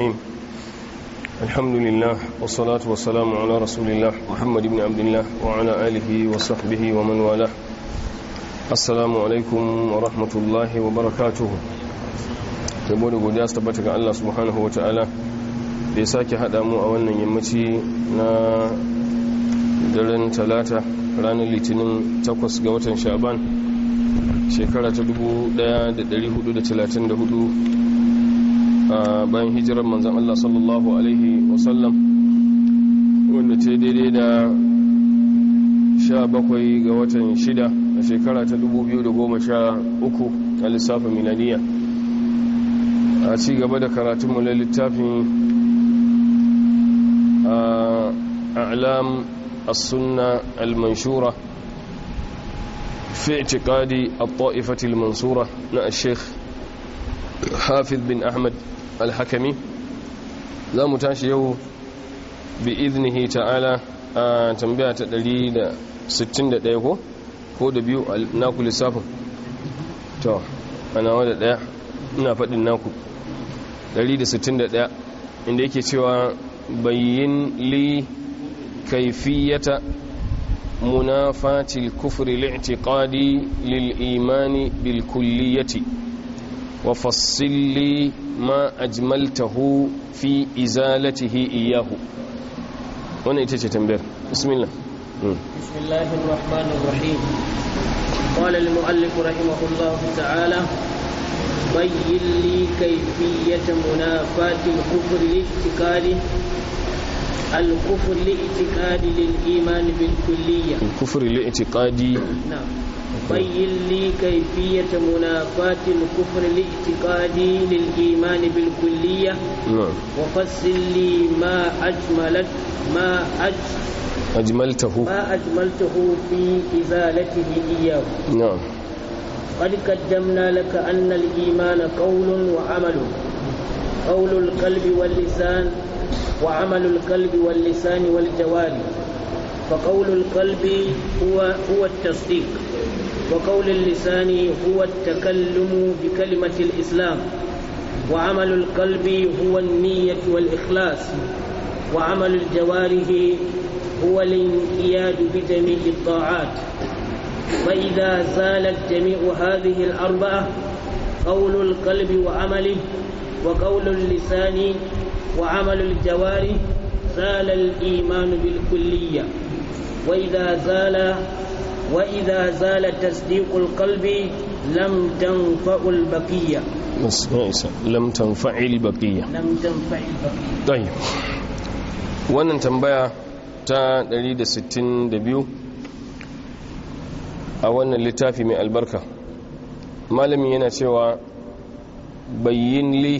الرحيم الحمد لله والصلاة والسلام على رسول الله محمد بن عبد الله وعلى آله وصحبه ومن والاه السلام عليكم ورحمة الله وبركاته تبوني قداس تبتك الله سبحانه وتعالى da ya sake haɗa mu a wannan yammaci na daren talata ranar litinin 8 ga watan sha'ban shekara ta 1434 bayan hijirar manzan Allah sallallahu alaihi wasallam wanda ce daidai da 17 ga watan 6 a shekara ta 2013 a lissafin milaniya a ci gaba da karatunmu na littafin a'lam as-sunna al-manshura في اعتقاد الطائفة na مع الشيخ حافظ bin أحمد alhakami za mu tashi yau bi iznihi ta'ala a tambaya ta 161 ko ko da biyu naku lissafin to ana wada daya ina faɗin naku 161 inda yake cewa bayyin li kaifiyata munafatil kufri li'tiqadi lil imani bil kulliyati fassil li ma ajmaltahu fi izalatihi iyahu wannan ita ce tambayar bismillah hmm. bismillahir rahmanir rahim qala al muallif rahimahullahu ta'ala bayyin li kayfiyata munafati al kufr li i'tiqadi al kufr li i'tiqadi lil iman بين لي كيفية منافاة الكفر الاعتقادي للإيمان بالكلية نعم وفصل لي ما أجملت ما أج أجملته ما أجملته في إزالته إياه نعم قد قدمنا لك أن الإيمان قول وعمل قول القلب واللسان وعمل القلب واللسان والجوارح فقول القلب هو هو التصديق وقول اللسان هو التكلم بكلمة الإسلام وعمل القلب هو النية والإخلاص وعمل الجوارح هو الانقياد بجميع الطاعات فإذا زالت جميع هذه الأربعة قول القلب وعمله وقول اللسان وعمل الجوارح زال الإيمان بالكلية وإذا زال وإذا زال تصديق القلب لم تنفع البقية لم تنفع البقية لم تنفع البقية طيب wannan tambaya ta 162 a wannan littafi mai albarka malami yana cewa bayyin li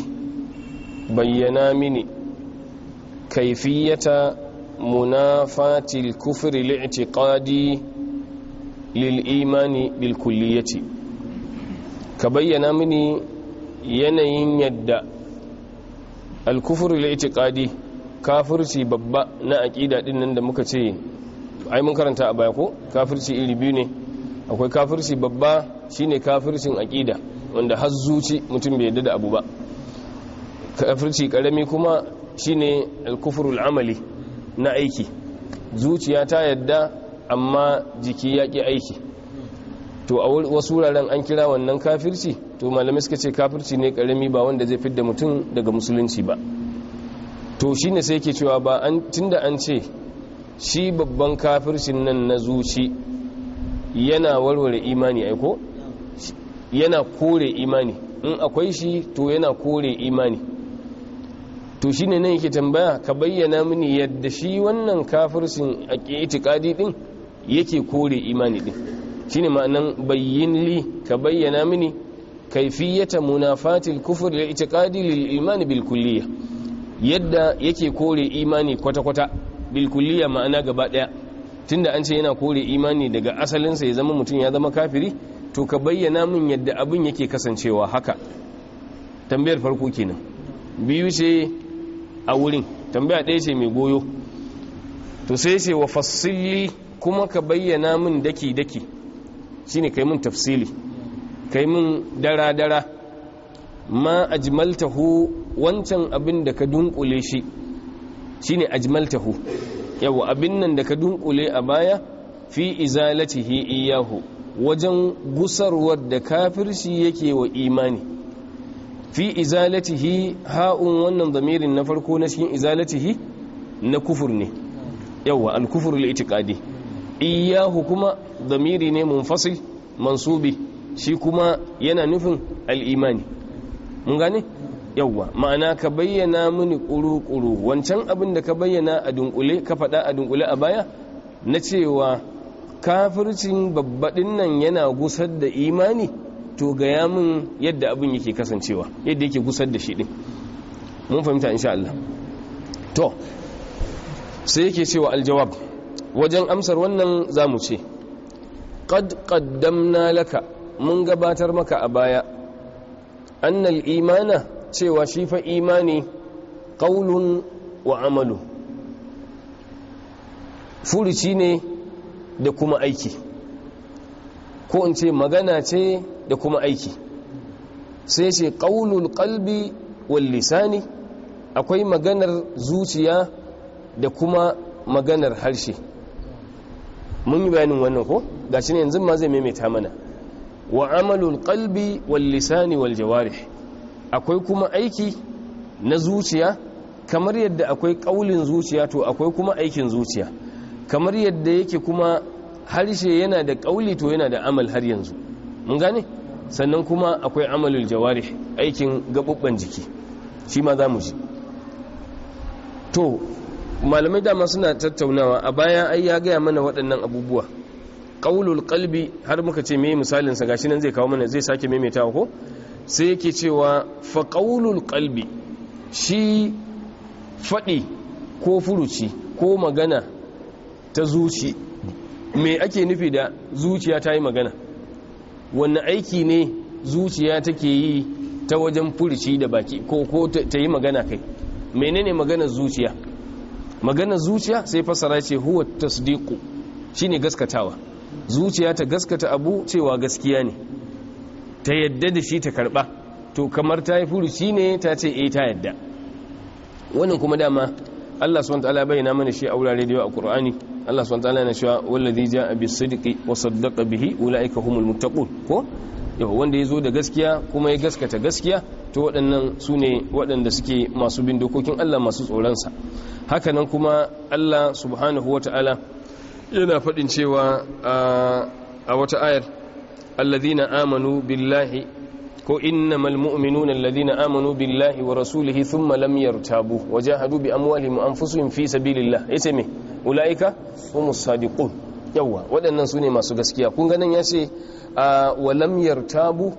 bayyana mini kaifiyata munafatil kufri li'tiqadi lil'imani bilkulliyati ka bayyana mini yanayin yadda alkufur lil'itiqadi kafirci babba na aƙida ɗin nan da muka ce ai mun karanta a baya ko kafirci iri biyu ne akwai kafirci babba shine kafircin aƙida wanda har zuci mutum bai yadda da abu ba kafirci karami kuma shine alkufrul amali na aiki zuciya ta yadda amma jiki ya ƙi aiki to a wasu wuraren an kira wannan kafirci to malamai suka ce kafirci ne ƙarami ba wanda zai fidda mutum daga musulunci ba to shi ne sai ke cewa ba tun da an ce shi babban kafircin nan na zuci yana warware imani aiko yana kore imani in akwai shi to yana kore imani to shi ne nan yake tambaya ka bayyana mini yadda shi wannan kafircin a ƙi itikadi ɗin yake kore imani din shine ma'anan bayyin li ka bayyana mini kaifiyata munafatil kufr lil i'tiqadi lil iman bil yadda yake kore imani kwata-kwata bil ma'ana gaba daya tunda an ce yana kore imani daga asalinsa ya zama mutum ya zama kafiri to ka bayyana min yadda abin yake kasancewa haka tambayar farko kenan biyu ce a wurin tambaya ɗaya ce mai goyo to sai ce wa fassili kuma ka bayyana min daki-daki shine kai min tafsili kai min dara-dara ma hu, wancan abin da ka dunkule shi shi shine hu. yawa abin nan da ka dunkule a baya fi izalatihi iyahu wajen gusarwar da kafirci yake wa imani fi izalatihi ha'un wannan zamirin na farko na cikin izalatihi na kufur ne yawa al-kufrul itiqadi iyahu kuma zamiri ne mun munfasil mansubi shi kuma yana nufin al'imani mun gane yawwa ma'ana ka bayyana mini ƙuru wancan abin da ka bayyana a dunkule ka faɗa a dunkule a baya na cewa kafircin babbaɗin nan yana gusar da imani to gaya min yadda abin yake kasancewa yadda yake gusar da shi ɗin mun fahimta insha Allah to sai yake cewa aljawab wajen amsar wannan za mu ce qad qaddamna laka mun gabatar maka a baya annal imana cewa shi fa imani qaulun wa amalu furuci ne da kuma aiki ko in ce magana ce da kuma aiki sai ce qaulul ƙalbi wal lisani akwai maganar zuciya da kuma maganar harshe mun yi bayanin wannan ko shi ne yanzu ma zai maimaita mana wa amalul qalbi wal lisani wal jawarih akwai kuma aiki na zuciya kamar yadda akwai kaulin zuciya to akwai kuma aikin zuciya kamar yadda yake kuma harshe yana da kauli to yana da amal har yanzu mun gane sannan kuma akwai amalul jawarih aikin gabubban jiki shi ma za mu ji to malamai dama suna tattaunawa a bayan ai ya gaya mana waɗannan abubuwa ƙaulul qalbi har muka ce meye misalin sa gashi nan zai kawo mana zai sake maimaitawa ko sai yake cewa fa ƙaulul qalbi shi faɗi ko furuci ko magana ta zuci me ake nufi da zuciya ta yi magana wani aiki ne zuciya take yi ta wajen furuci da baki ko ta yi magana kai menene maganar zuciya magana zuciya sai fasara ce huwa tasdiqu shine gaskatawa zuciya ta gaskata abu cewa gaskiya ne ta yadda da shi ta karba to kamar ta yi shi ne ta ce eh ta yadda wannan kuma dama Allah subhanahu wataala bayyana mana shi a wurare da yawa a Kur'ani Allah subhanahu wataala yana cewa wallazi ja'a bis-sidqi wa saddaqa bihi ulaika humul muttaqun ko yau wanda ya zo da gaskiya kuma ya gaskata gaskiya to waɗannan su ne waɗanda suke masu bin dokokin Allah masu tsoronsa hakanan kuma Allah subhanahu wata'ala yana faɗin cewa a wata ayar alladhina amanu billahi ko innamal mu'minuna alladhina amanu billahi wa rasulihi thumma lam yartabu jahadu bi amwalihim anfusihim fi sabilillah yace me ulaika humus sadiqun yawa waɗannan su ne masu gaskiya kun ganin ya ce a lamyar tabu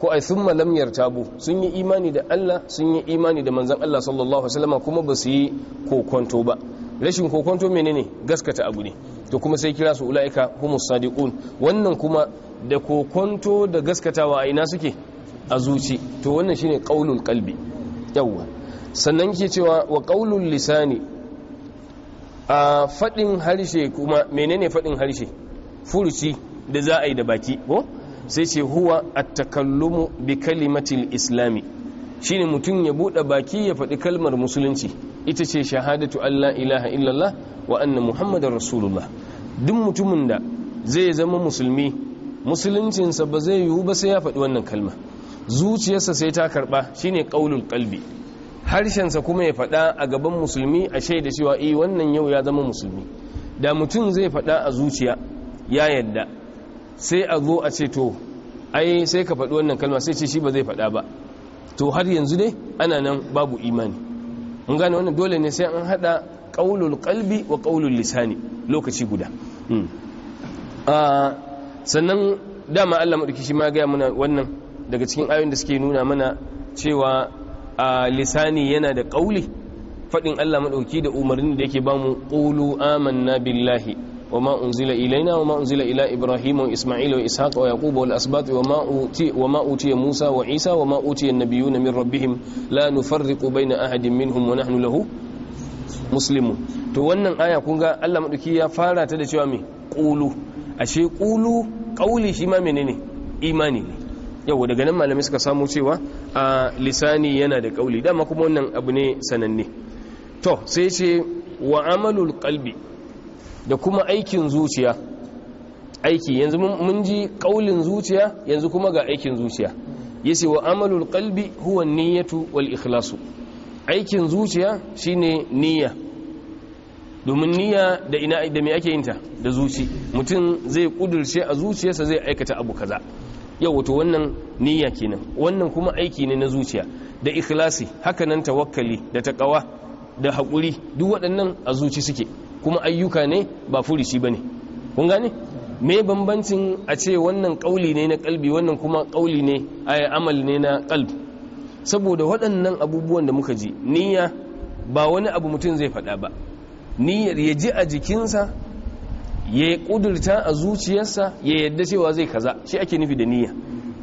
ko ai sun lamyar tabu sun yi imani da Allah sun yi imani da manzan Allah sallallahu alaihi kuma ba su yi kokonto ba rashin kokonto ne gaskata abu ne to kuma sai kira su ulaika humus sadiqun wannan kuma da kokonto da gaskatawa a ina suke a zuci to wannan shine qaulul kalbi yawa sannan ke cewa wa qaulul lisani a faɗin harshe kuma menene faɗin harshe furuci da za a yi da baki ko sai ce huwa at-takallumu bi kalimatil islami shine mutum ya buɗe baki ya faɗi kalmar musulunci ita ce shahadatu Allah ilaha illallah wa anna muhammadar rasulullah duk mutumin da zai zama musulmi musuluncinsa ba zai yiwu ba sai ya faɗi wannan kalma zuciyarsa sai ta karɓa shine qaulul qalbi harshensa kuma ya faɗa a gaban musulmi a shaida cewa eh wannan yau ya zama musulmi da mutum zai faɗa a zuciya ya yadda sai a zo a ce to ai sai ka faɗi wannan kalma sai ce shi ba zai faɗa ba to har yanzu dai ana nan babu imani mun gane wannan dole ne sai an haɗa ƙaulul kalbi wa ƙaulul lisani lokaci guda hmm. ah, sannan dama Allah maɗauki shi ma gaya mana wannan daga cikin ayoyin da suke nuna mana cewa lisani yana da ƙauli faɗin Allah maɗauki da umarni da yake bamu ƙulu amanna billahi wa ma unzila ilaina wa ma unzila ila ibrahim wa isma'il wa ishaq wa yaqub wal asbat wa ma uti wa ma uti musa wa isa wa ma uti an-nabiyuna min rabbihim la nufarriqu baina ahadin minhum wa nahnu lahu muslimun to wannan aya kun ga Allah maɗauki ya fara ta da cewa me ƙulu ashe ƙulu ƙauli shi ma menene imani ne yau daga nan malamai suka samu cewa a lisani yana da kauli dama kuma wannan abu ne sananne to sai ce wa amalul qalbi da kuma aikin zuciya aiki yanzu mun ji kaulin zuciya yanzu kuma ga aikin zuciya yace wa amalul qalbi huwa niyyatu wal ikhlasu aikin zuciya shine niyya domin niyya da ina da me ake yinta da zuci mutum zai kudurce a zuciyarsa zai aikata abu kaza yau wato wannan niyya kenan wannan kuma aiki ne na zuciya da ikhlasi haka nan tawakkali da taqwa da haƙuri duk waɗannan a zuci suke kuma ayyuka ne ba furishi bane kun gane me bambancin a ce wannan ƙauli ne na kalbi wannan kuma ƙauli ne ay amal ne na kalbi saboda waɗannan abubuwan da muka ji niyya ba wani abu mutum zai faɗa ba niyyar ya ji a jikinsa ya kudurta a zuciyarsa ya yadda cewa zai kaza shi ake nufi da niyya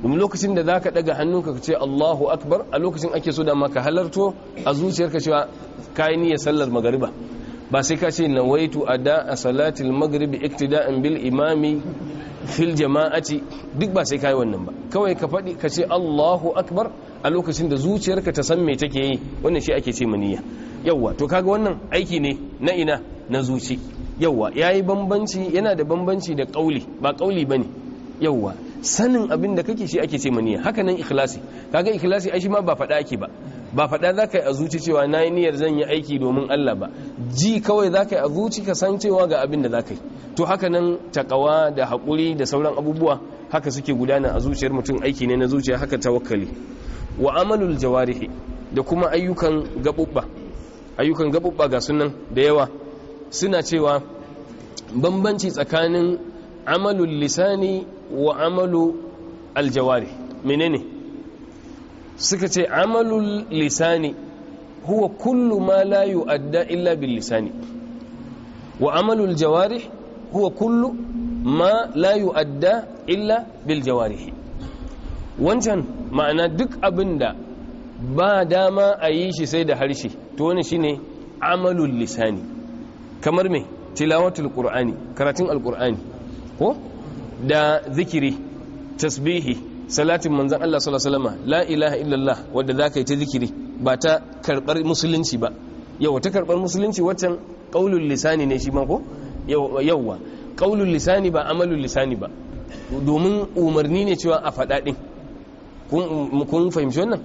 domin lokacin da za ka daga hannunka ka ce allahu akbar a lokacin ake so da maka halarto a zuciyarka cewa kayi niyyar sallar magariba ba sai ka ce nawaitu ada a salatil magribi iktida'an bil imami fil jama'ati duk ba sai kai wannan ba kawai ka faɗi ka ce Allahu akbar a lokacin da zuciyarka ta san me take yi wannan shi ake ce niyya yawa to kaga wannan aiki ne na ina na zuci yawwa yi bambanci yana da bambanci da kauli ba kauli bane yawwa sanin abin da kake shi ake ce maniya haka nan ikhlasi kaga ikhlasi ai shi ma ba faɗa ake ba ba faɗa za ka yi a zuci cewa na yi niyyar zan yi aiki domin Allah ba ji kawai za ka yi a zuci ka san cewa ga abin da za ka to haka nan takawa da hakuri da sauran abubuwa haka suke gudana a zuciyar mutum aiki ne na zuciya haka tawakkali wa amalul jawarihi da kuma ayyukan gaɓuɓɓa ayyukan gaɓuɓɓa ga sunan da yawa suna cewa bambanci tsakanin amalul lisani wa amalu aljawari menene suka ce amalul lisani huwa kullu ma la yu'adda illa bil lisani wa amalul jawari huwa kullu ma la yu'adda illa bil jawarihi wancan ma'ana duk abinda ba dama a yi shi sai da harshe to wani shine amalul lisani kamar mai tilawatul qur'ani karatun alqur'ani ko da zikiri tasbihi salatin manzon Allah sallallahu alaihi la ilaha illallah wanda zaka yi ta zikiri ba ta karbar musulunci ba yawa ta karbar musulunci waccan qaulul lisani ne shi ma ko yawa qaulul lisani ba amalul lisani ba domin umarni ne cewa a faɗa ɗin kun fahimci wannan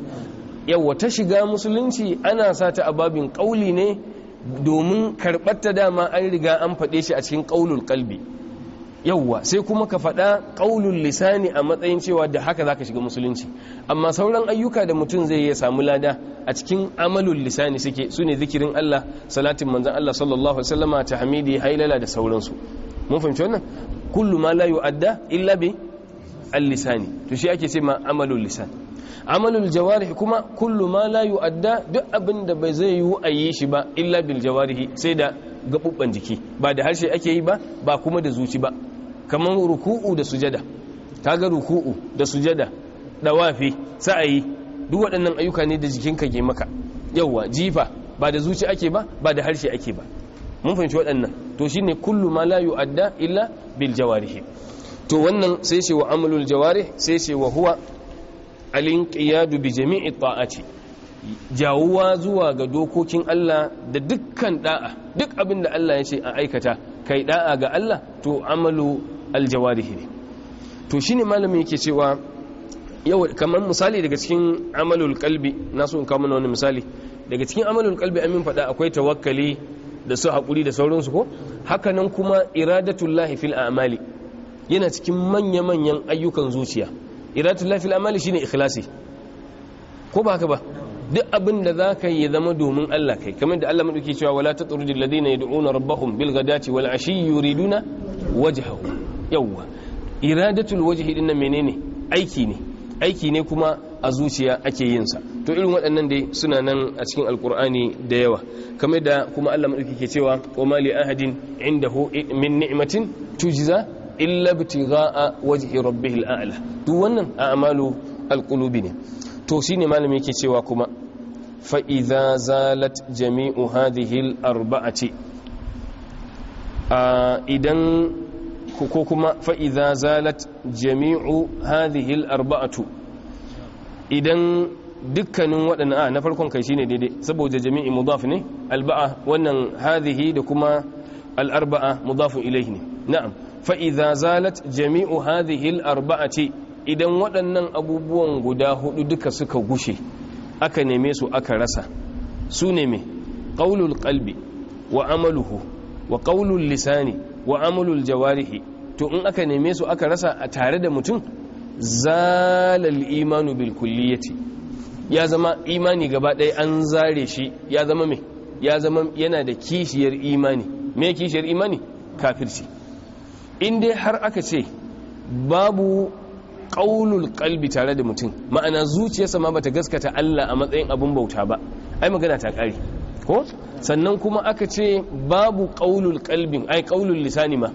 yawa ta shiga musulunci ana sa ta a babin ƙauli ne domin karɓar ta dama an riga an faɗe shi a cikin ƙaunul kalbi yauwa sai kuma ka faɗa ƙaunul lisani a matsayin cewa da haka za ka shiga musulunci amma sauran ayyuka da mutum zai ya samu lada a cikin amalul lisani suke su ne zikirin Allah salatin manzan Allah sallallahu alaihi wasallama ta hamidi hailala da sauransu mun fahimci wannan kullu ma la yu'adda illa bi al-lisani to shi ake ce ma amalul lisani amalul jawarihi kuma kullu ma la yu'adda duk abin da bai zai yiwu a yi shi ba illa bil jawarihi sai da gabubban jiki ba da harshe ake yi ba ba kuma da zuci ba kamar ruku'u da sujada kaga ruku'u da sujada dawafi sa'ayi duk waɗannan ayyuka ne da jikinka ke maka yawwa jifa ba da zuci ake ba ba da harshe ake ba mun fahimci waɗannan to shine kullu ma la yu'adda illa bil jawarihi to wannan sai shi wa amalul jawarih sai shi wa huwa Alin alinqiyadu bi jami'i ta'ati jawuwa zuwa ga dokokin Allah da dukkan da'a duk abin da Allah ya ce a aikata kai da'a ga Allah to amalu aljawarihi ne to shine malamin yake cewa yau kamar misali daga cikin amalul kalbi na so in kawo mana wani misali daga cikin amalul kalbi amin faɗa akwai tawakkali da su haƙuri da sauransu ko Haka nan kuma iradatullahi fil a'mali yana cikin manya-manyan ayyukan zuciya iratun lafil amali shine ikhlasi ko ba haka ba duk abin da za ka yi zama domin Allah kai kamar da Allah maɗauki cewa wala ta tsoro jil ladina yad'una rabbahum bil ghadati wal ashi yuriduna wajhahu yawwa iradatul wajhi din nan menene aiki ne aiki ne kuma a zuciya ake yin sa to irin waɗannan dai suna nan a cikin alkur'ani da yawa kamar da kuma Allah maɗauki ke cewa wa ma ahadin indahu min ni'matin tujza illa bitigaa wajhi rabbihil a'la duk wannan a'malu alqulubi ne to shine malami yake cewa kuma fa idza zalat jami'u hadhihi arbaati idan ko kuma fa idza zalat jami'u hadhihi arbaatu idan dukkanin waɗannan a na farkon kai shine daidai saboda jami'i mudaf ne alba'a wannan hadhihi da kuma al-arba'a mudafun ilayhi ne na'am fa'iza zalat jami'u hadhihi arba'ati idan waɗannan abubuwan guda hudu duka suka gushe aka neme su aka rasa su ne me qaulul qalbi wa amaluhu wa qaulul lisani wa amalul jawarihi to in aka neme su aka rasa a tare da mutum zalal imanu bil kulliyati ya zama imani gaba ɗaya an zare shi ya zama me ya zama yana da kishiyar imani me kishiyar imani kafirci in dai har aka ce babu ƙaunul ƙalbi tare da mutum ma'ana zuciyarsa ma bata gaskata Allah a matsayin abin bauta ba ai magana ta ƙari ko sannan kuma aka ce babu ƙaunul kalbin ai ƙaunul lisani ma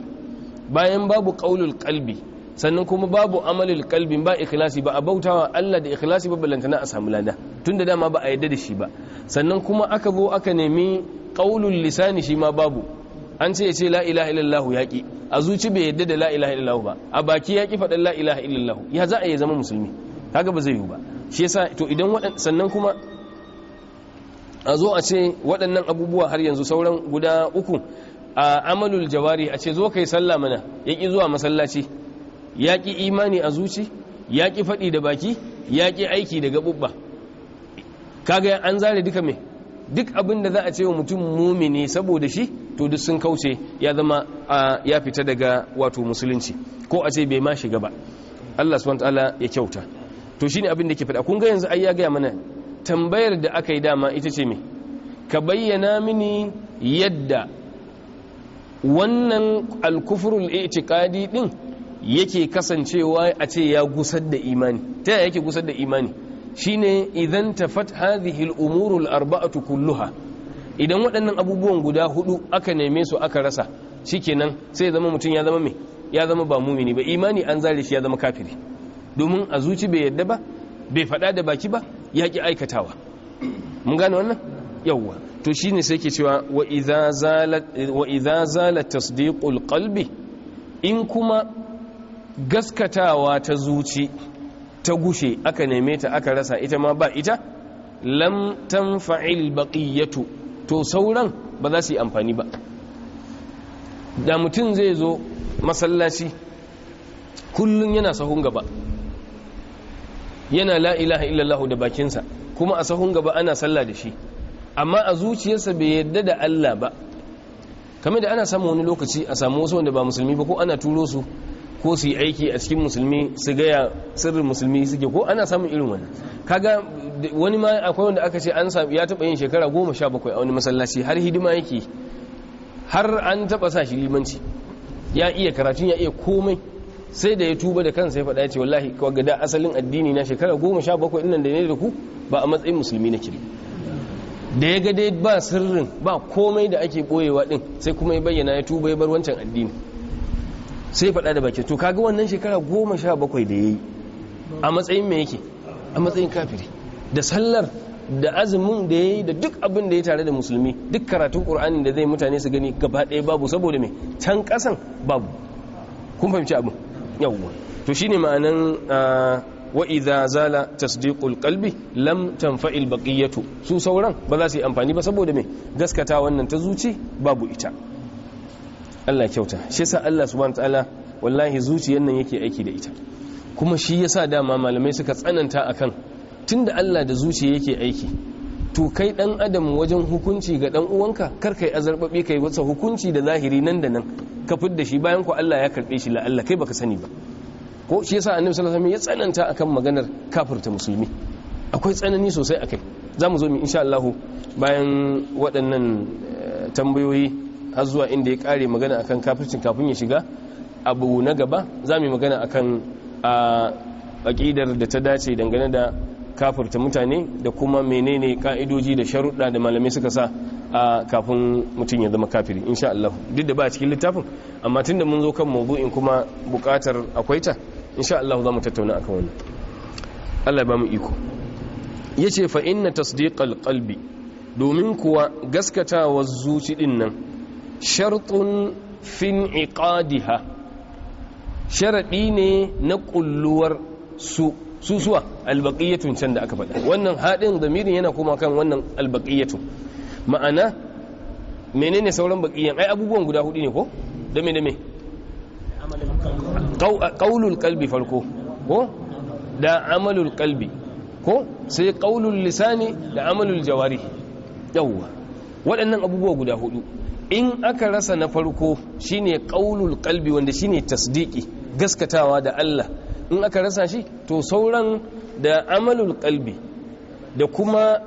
bayan babu ƙaunul kalbi sannan kuma babu amalul kalbi ba ikhlasi ba a bautawa Allah da ikhlasi ba balantana a samu lada tun da dama ba a yadda da shi ba sannan kuma aka zo aka nemi ƙaunul lisani shi ma babu an ce ya ce la ilaha illallah yaƙi a zuci bai yadda da la ilaha illallah ba a baki ya ki faɗin la ilaha illallah ya za a yi zama musulmi kaga ba zai yi ba shi yasa to idan waɗannan sannan kuma a zo a ce waɗannan abubuwa har yanzu sauran guda uku a amalul jawari a ce zo kai sallah mana ya ki zuwa masallaci ya ki imani a zuci ya ki faɗi da baki ya ki aiki da gaɓuɓɓa kaga an zare duka mai duk abin da za a ce wa mutum mumini saboda shi to duk sun kauce ya zama ya fita daga wato musulunci ko a ce bai ma shiga ba Allah subhanahu ta'ala ya kyauta to shine abin da ke faɗa kun ga yanzu ai ya gaya mana tambayar da aka yi dama ita ce me ka bayyana mini yadda wannan al al-kufrul i'tiqadi din yake kasancewa a ce ya gusar da imani ta yake gusar da imani shine idan tafat hadhihi al al-arba'atu kulluha idan waɗannan abubuwan guda hudu aka neme su aka rasa shi shikenan sai zama mutum ya zama me ya zama ba mumini ba imani an zare shi ya zama kafiri domin a zuci bai yadda ba bai faɗa da baki ba ya ki aikatawa mun gane wannan yawwa to shine sai ke cewa wa idza zalat wa tasdiqul qalbi in kuma gaskatawa ta zuci ta gushe aka neme ta aka rasa ita ma ba ita lam tanfa'il baqiyatu to sauran ba za su yi amfani ba da mutum zai zo masallaci kullum yana sahun gaba yana la ilaha illallah da bakinsa kuma a sahun gaba ana sallah da shi amma a zuciyarsa bai yadda da Allah ba kamar da ana samu wani lokaci a samu wasu wanda ba musulmi ba ko ana turo su ko su yi aiki a cikin musulmi su gaya sirrin musulmi suke ko ana samun irin wani kaga wani ma akwai wanda aka ce an sami ya taba yin shekara goma sha bakwai a wani masallaci har hidima yake har an taba sa shi limanci ya iya karatun ya iya komai sai da ya tuba da kansa ya faɗa ya ce wallahi kaga da asalin addini na shekara goma sha bakwai ɗin da ne da ku ba a matsayin musulmi na kiri da ya ga dai ba sirrin ba komai da ake ɓoyewa ɗin sai kuma ya bayyana ya tuba ya bar wancan addini sai faɗa da baki to kaga wannan shekara goma sha bakwai da ya yi a matsayin mai yake a matsayin kafiri da sallar da azumin da ya da duk abin da ya tare da musulmi duk karatun ƙur'anin da zai mutane su gani gaba ɗaya babu saboda mai can ƙasan babu kun fahimci abin yawwa to shine ma'anan wa idza zala tasdiqul qalbi lam tanfa'il baqiyatu su sauran ba za su yi amfani ba saboda mai gaskata wannan ta zuci babu ita Allah kyauta shi yasa Allah subhanahu wataala wallahi zuciyar nan yake aiki da ita kuma shi yasa dama malamai suka tsananta akan tunda Allah da zuciya yake aiki to kai dan adam wajen hukunci ga dan uwanka kar kai azarbabe kai wasa hukunci da zahiri nan da nan ka fidda shi bayan ku Allah ya karbe shi la Allah kai baka sani ba ko shi yasa annabi sallallahu alaihi wasallam ya tsananta akan maganar kafirta musulmi akwai tsanani sosai akai zamu zo mu insha Allah bayan waɗannan eh, tambayoyi har zuwa inda ya kare magana akan kafircin kafin ya shiga abu na gaba za mu yi magana akan ƙidar da ta dace dangane da kafirta mutane da kuma menene ka'idoji da sharuɗa da malamai suka sa a kafin mutum ya zama kafiri insha Allah duk da ba cikin littafin amma tunda mun zo kan mawdu'in kuma buƙatar akwai ta insha Allah za mu tattauna akan wannan Allah ba mu iko yace fa inna tasdiqal qalbi domin kuwa gaskatawa zuci din nan shartun fin iqadiha sharaɗi ne na ƙulluwar su susuwa albaƙiyatun can da aka faɗa wannan haɗin zamirin yana kuma kan wannan albaƙiyatun ma'ana menene sauran baƙiyan ai abubuwan guda hudu ne ko dame dame ƙaulul kalbi farko ko da amalul kalbi ko sai ƙaulul lisani da amalul jawari yawwa waɗannan abubuwa guda hudu in aka rasa na farko shine qaulul qalbi wanda shine tasdiki gaskatawa da Allah in aka rasa shi to sauran da amalul qalbi da kuma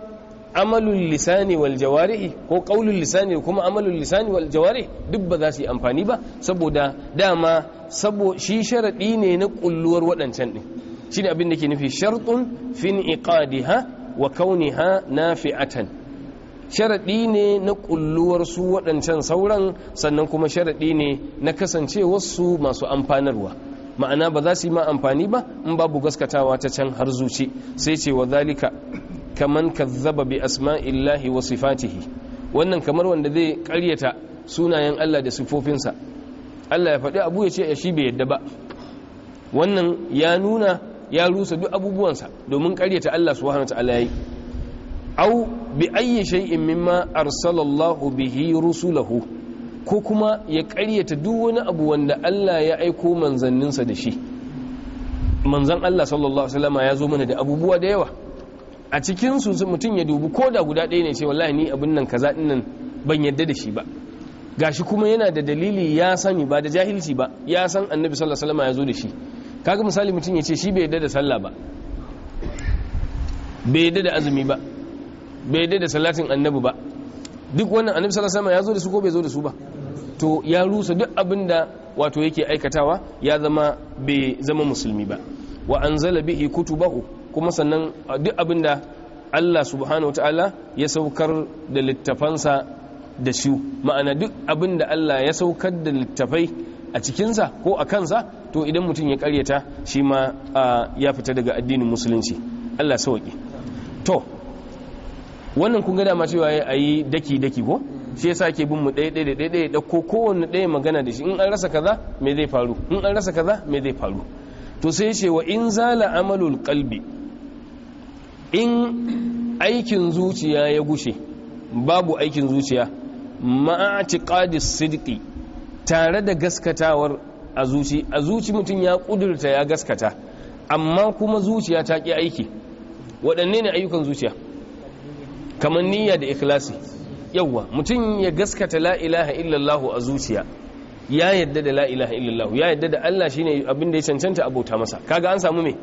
amalul lisani wal jawarihi ko qaulul lisani da kuma amalul lisani wal jawarihi duk ba za su yi amfani ba saboda dama sabo shi sharadi ne na kulluwar waɗancan din shine abin da ke nufi shartun fin iqadiha wa kauniha nafi'atan sharaɗi ne na ƙulluwar su waɗancan sauran sannan kuma sharaɗi ne na wasu masu amfanarwa ma'ana ba za su yi ma amfani ba in babu gaskatawa ta can har zuci sai ce wa zalika kaman kazzaba bi asma'illahi wa Fatihi. wannan kamar wanda zai karyata sunayen Allah da sifofinsa Allah ya faɗi abu ya ce eh, shi bai yadda ba wannan ya nuna ya rusa duk abubuwansa domin karyata Allah su wa ta'ala yi au bi ayyi shay'in mimma arsalallahu bihi rusulahu ko kuma ya ƙaryata duk wani abu wanda Allah ya aiko manzanninsa da shi manzan Allah sallallahu alaihi ya zo mana da abubuwa da yawa a cikin su mutum ya dubi ko da guda ɗaya ne ce wallahi ni abin nan kaza din nan ban yadda da shi ba gashi kuma yana da dalili ya sani ba da jahilci ba ya san annabi sallallahu alaihi ya zo da shi kaga misali mutum ya ce shi bai yadda da sallah ba bai yadda da azumi ba bai yadda da salatin annabi ba duk wannan annabi sallallahu alaihi ya zo da su ko bai zo da su ba to ya rusa duk abinda wato yake aikatawa ya zama bai zama musulmi ba wa anzala bihi kutubahu kuma sannan duk abin da Allah subhanahu wataala ya saukar da littafansa da shi ma'ana duk abinda Allah ya saukar da littafai a cikinsa ko a kansa to idan mutum ya karyata shi ma ya fita daga addinin musulunci Allah sauki to wannan kun ga dama cewa ya yi daki daki ko shi yasa ke bin mu ɗaya ɗaya ɗaya ɗaya ko kowanne ɗaya magana da shi in an rasa kaza me zai faru in an rasa kaza me zai faru to sai ce wa in zala amalul kalbi in aikin zuciya ya gushe babu aikin zuciya ma'atiqadis sidqi tare da gaskatawar a zuci a zuci mutum ya kudurta ya gaskata amma kuma zuciya ta ki aiki waɗanne ne ayyukan zuciya kamar niyya da ikhlasi yawa mutum ya gaskata la ilaha illallah a zuciya ya yadda da la ilaha illallah ya yadda da Allah shine abin da ya cancanta abota masa kaga an samu me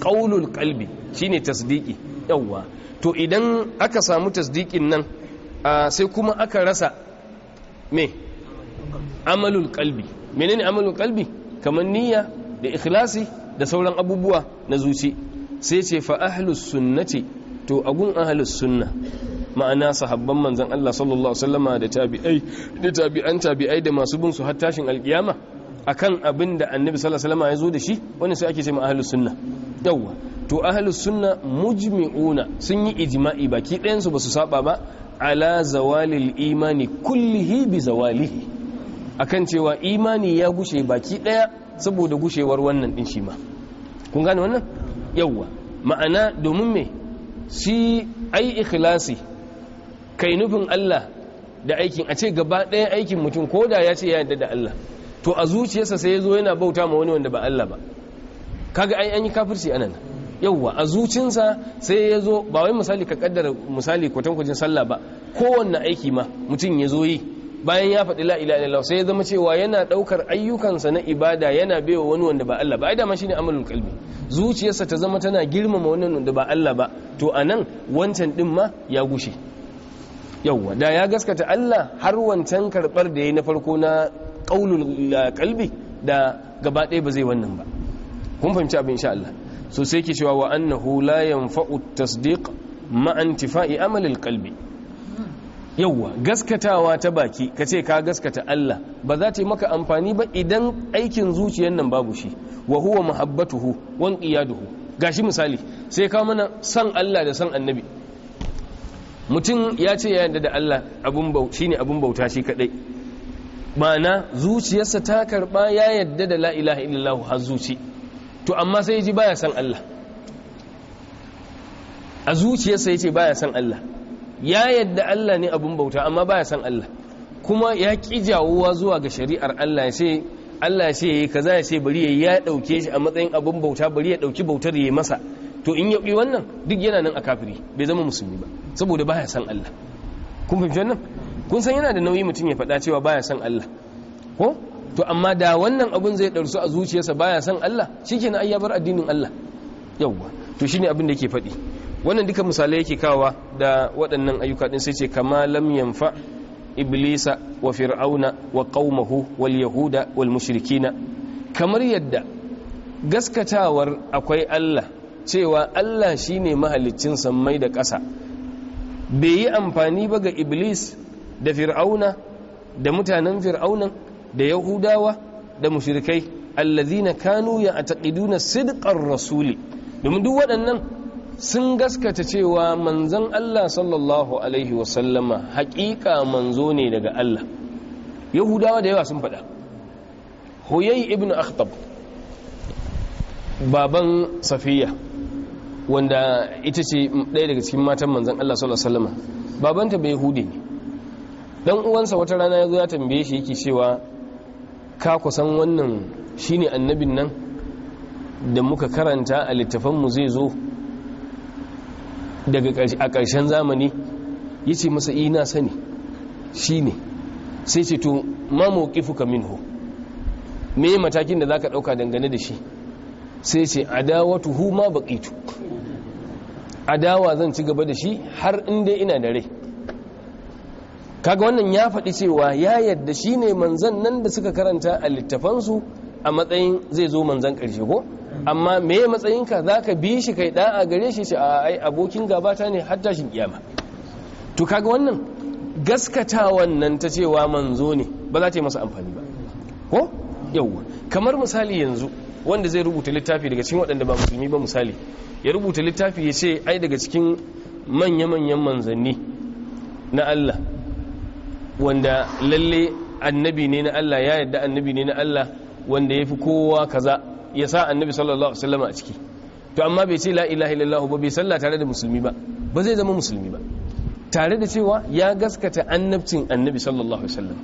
qaulul qalbi shine tasdiki yawa to idan aka samu tasdikin nan sai kuma aka rasa me amalul qalbi menene amalul qalbi kamar niyya da ikhlasi da sauran abubuwa na zuci sai ce fa ahlus sunnati to agun ahalus sunna ma'ana sahabban manzan Allah sallallahu alaihi wasallama da tabi'ai da tabi'an tabi'ai da masu bin su har tashin alkiyama akan abin da annabi sallallahu alaihi wasallama ya zo da shi wani sai ake ce ahalus sunna yawa to ahalus sunna mujmi'una sun yi ijma'i baki ɗayan su basu saba ba ala zawalil imani kullihi bi zawalihi akan cewa imani ya gushe baki ɗaya saboda gushewar wannan din shi ma kun gane wannan yawa ma'ana domin me shi ai ikhlasi kai nufin Allah da aikin a ce gaba ɗaya aikin mutum ko da ya ce ya yadda da Allah to a zuciyarsa sai ya zo yana bauta ma wani wanda ba Allah ba kaga ai an yi kafirci anan yauwa a zucinsa sai ya zo ba wai misali ka kaddara misali kwatankwacin sallah ba kowanne aiki ma mutum ya zo yi bayan ya faɗi la'ila sai ya zama cewa yana ɗaukar ayyukansa na ibada yana baiwa wani wanda ba Allah ba ai dama shine amalul qalbi zuciyarsa ta zama tana girmama wannan wanda ba Allah ba to anan wancan din ma ya gushe yawwa da ya gaskata Allah har wancan karɓar da yayi na farko na qaulul qalbi da gaba ɗaya ba zai wannan ba kun fahimci abin insha Allah so sai ke cewa wa annahu la yanfa'u tasdiq ma'antifa'i amalil yauwa gaskatawa ta baki ka ce ka gaskata Allah ba za ta yi maka amfani ba idan aikin zuciyar nan babu shi wa huwa muhabbatuhu wan qiyaduhu gashi misali sai ka mana san Allah da san annabi mutum ya ce ya yarda da Allah abun bau shine bauta shi kadai ma'ana zuciyarsa ta karba ya yarda da la ilaha illallah har zuci to amma sai ji baya san Allah a zuciyarsa ya ce baya san Allah ya yadda Allah ne abun bauta amma baya san Allah kuma ya ki jawowa zuwa ga shari'ar Allah ya ce Allah ce ya yi kaza ya ce bari yayi ya ɗauke shi a matsayin abun bauta bari ya ɗauki bautar ya yi masa to in ya wannan duk yana nan a kafiri bai zama musulmi ba saboda baya san Allah kun fahimci wannan kun san yana da nauyi mutum ya faɗa cewa baya san Allah ko to amma da wannan abun zai ɗarsu a zuciyarsa baya san Allah shikenan ai ya bar addinin Allah yawwa to shi ne abin da yake faɗi wannan duka misalai yake kawa da waɗannan ayyuka ɗin sai ce kama lam yanfa iblisa wa fir'auna wa ƙaumahu wal yahuda wal mushrikina kamar yadda gaskatawar akwai Allah cewa Allah shine mahaliccin sammai da ƙasa bai yi amfani ba ga iblis da fir'auna da mutanen fir'aunan da yahudawa da mushrikai allazina kanu ya ataqiduna sidqar rasuli domin duk waɗannan sun gaskata cewa manzon Allah sallallahu alaihi wasallama haƙiƙa manzo ne daga Allah yahudawa da yawa sun faɗa huyai ibn akhtab baban safiya wanda ita ce ɗaya daga cikin matan manzan Allah sallallahu alaihi wasallama babanta bai hude ne dan uwansa wata rana ya zo ya tambaye shi yake cewa ka kusan wannan shine annabin nan da muka karanta a littafanmu zai zo daga a ƙarshen zamani ya ce masa ina eh, sani shi ne sai ce to ma mawukifuka minhu me yi matakin da za ka ɗauka dangane da shi sai ce dawatu hu ma baƙitu adawa zan ci gaba da shi har inda ina da rai kaga wannan ya faɗi cewa ya yadda shi ne manzan nan da suka karanta a littafansu a matsayin zai zo manzan ƙarshe ko amma me matsayinka za ka bi shi kai ɗan a gare shi shi a abokin gabata ne hatta shi kiyama to kaga wannan gaskata wannan ta cewa manzo ne ba za ta yi masa amfani ba ko yawwa kamar misali yanzu wanda zai rubuta littafi daga cikin waɗanda ba musulmi ba misali ya rubuta littafi ya ce ai daga cikin manya-manyan manzanni na Allah wanda lalle annabi ne na Allah ya yarda annabi ne na Allah wanda ya fi kowa kaza ya sa annabi sallallahu alaihi wasallam a ciki to amma bai ce la ilaha illallah ba bai salla tare da musulmi ba ba zai zama musulmi ba tare da cewa ya gaskata annabcin annabi sallallahu alaihi wasallam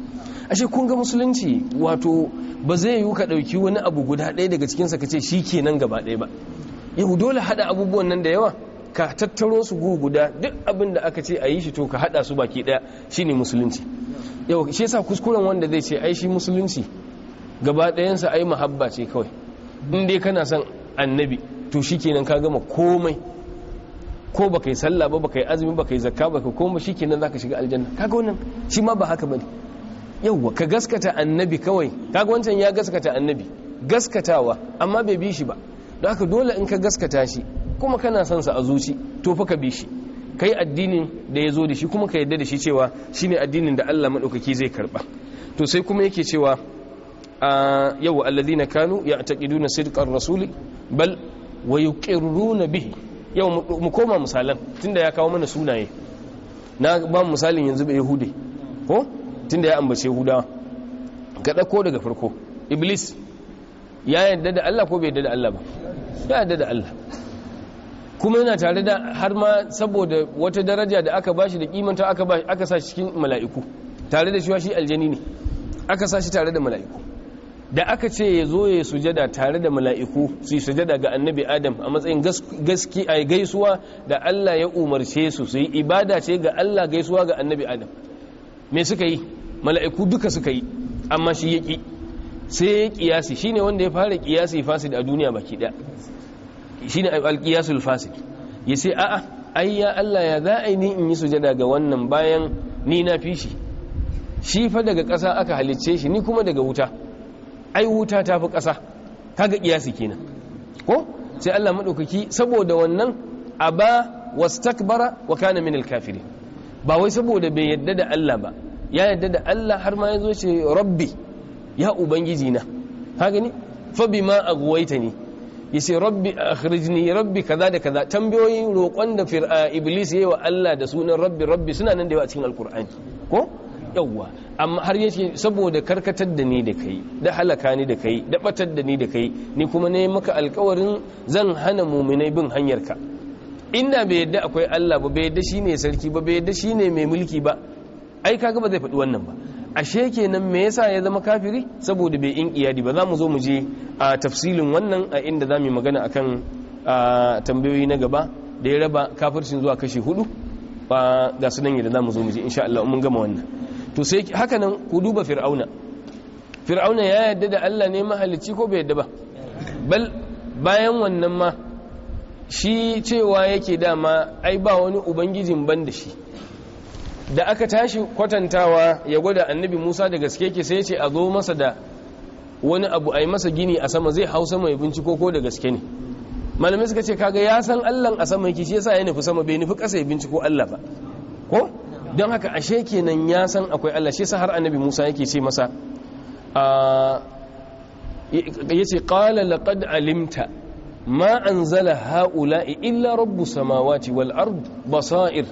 ashe kun ga musulunci wato ba zai yiwu ka dauki wani abu guda ɗaya daga cikin sa kace shikenan gaba ɗaya ba yau dole hada abubuwan nan da yawa ka tattaro su gu guda duk abin da aka ce a yi shi to ka hada su baki ɗaya shine musulunci yau shi yasa kuskuren wanda zai ce ai shi musulunci gaba ɗayan ɗayansa ai mahabba ce kawai in dai kana son annabi to shikenan ka gama komai ko baka yi sallah ba baka yi azumi baka yi zakka baka komai shikenan zaka shiga aljanna kaga wannan shi ma ba haka bane yawwa ka gaskata annabi kawai kaga wancan ya gaskata annabi gaskatawa amma bai bi shi ba don haka dole in ka gaskata shi kuma kana son sa a zuci to fa ka bi shi kai addinin da ya zo da shi kuma ka yarda da shi cewa shine addinin da Allah madaukaki zai karba to sai kuma yake cewa yau na kanu ya'taqiduna sirkar rasuli bal wa na bihi yau mu koma misalan da ya kawo mana sunaye na ba misalin yanzu ba yahudi ko da ya ambace huda ga ɗako daga farko iblis ya yadda da Allah ko bai yadda da Allah ba ya yadda da Allah kuma yana tare da har ma saboda wata daraja da aka bashi da kimanta aka sa shi sa cikin mala'iku tare da shi shi aljani ne aka sa shi tare da mala'iku da aka ce ya zo ya sujada tare da mala'iku su sujada ga annabi adam a matsayin gaski a gaisuwa da Allah ya umarce su su yi ibada ce ga Allah gaisuwa ga annabi adam me suka yi mala'iku duka suka yi amma shi ya ƙi sai ya ƙiyasi shine wanda ya fara ƙiyasi fasid a duniya baki ɗaya shine alƙiyasul fasid ya ce a'a ai ya Allah ya za a yi ni in yi sujada ga wannan bayan ni na fi shi shi fa daga ƙasa aka halicce shi ni kuma daga wuta ai wuta ta fi ƙasa kaga ƙiyasi kenan ko sai Allah maɗaukaki saboda wannan aba wastakbara wa kana min alkafiri ba wai saboda bai yadda da Allah ba ya yadda da Allah har ma ya zo ce rabbi ya ubangiji na ka gani fa bima ya yace rabbi akhrijni rabbi kaza da kaza tambayoyi roƙon da fir'a iblis ya yi wa Allah da sunan rabbi rabbi suna nan da yawa cikin alqur'ani ko yauwa amma har yace saboda karkatar da ni da kai da halaka ni da kai da batar da ni da kai ni kuma ne maka alkawarin zan hana muminai bin hanyar hanyarka inda bai yadda akwai Allah ba bai yadda shine sarki ba bai yadda shine mai mulki ba ai kaga ba zai faɗi wannan ba ashe kenan me yasa ya zama kafiri saboda bai in iyadi ba za mu zo mu je a tafsilin wannan a inda za mu magana akan tambayoyi na gaba da ya raba kafircin zuwa kashi hudu ba ga sunan yadda za mu zo mu je insha Allah mun gama wannan to sai haka nan ku duba fir'auna fir'auna ya yadda da Allah ne mahalicci ko bai yadda ba bal bayan wannan ma shi cewa yake dama ai ba wani ubangijin ban da shi da aka tashi kwatantawa ya gwada annabi musa da gaske yake sai ce a zo masa da wani abu a yi masa gini a sama zai hausa mai binciko ko da gaske ne malamai suka ce kaga ya san allan a sama yake shi yasa ya nufi sama bai nufi kasa ya binciko allah ba ko don haka ashe kenan ya san akwai Allah shi sa har annabi Musa yake ce masa ah, yace qala laqad alimta ma anzala haula'i illa rabbus samawati wal ard basair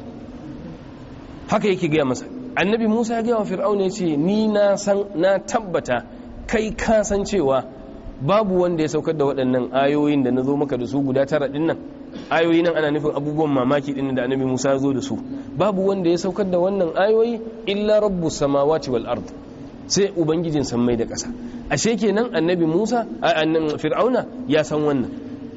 haka yake ga masa annabi Musa ya ga wa fir'auna yace ni na san na tabbata kai ka san cewa babu wanda ya saukar da waɗannan ayoyin da nazo maka da su guda tara dinnan ayoyi nan ana nufin abubuwan mamaki din da annabi Musa zo da su babu wanda ya saukar da wannan ayoyi illa rabbu samawati wal ard sai ubangijin sammai da ƙasa ashe kenan annabi Musa annan fir'auna ya san wannan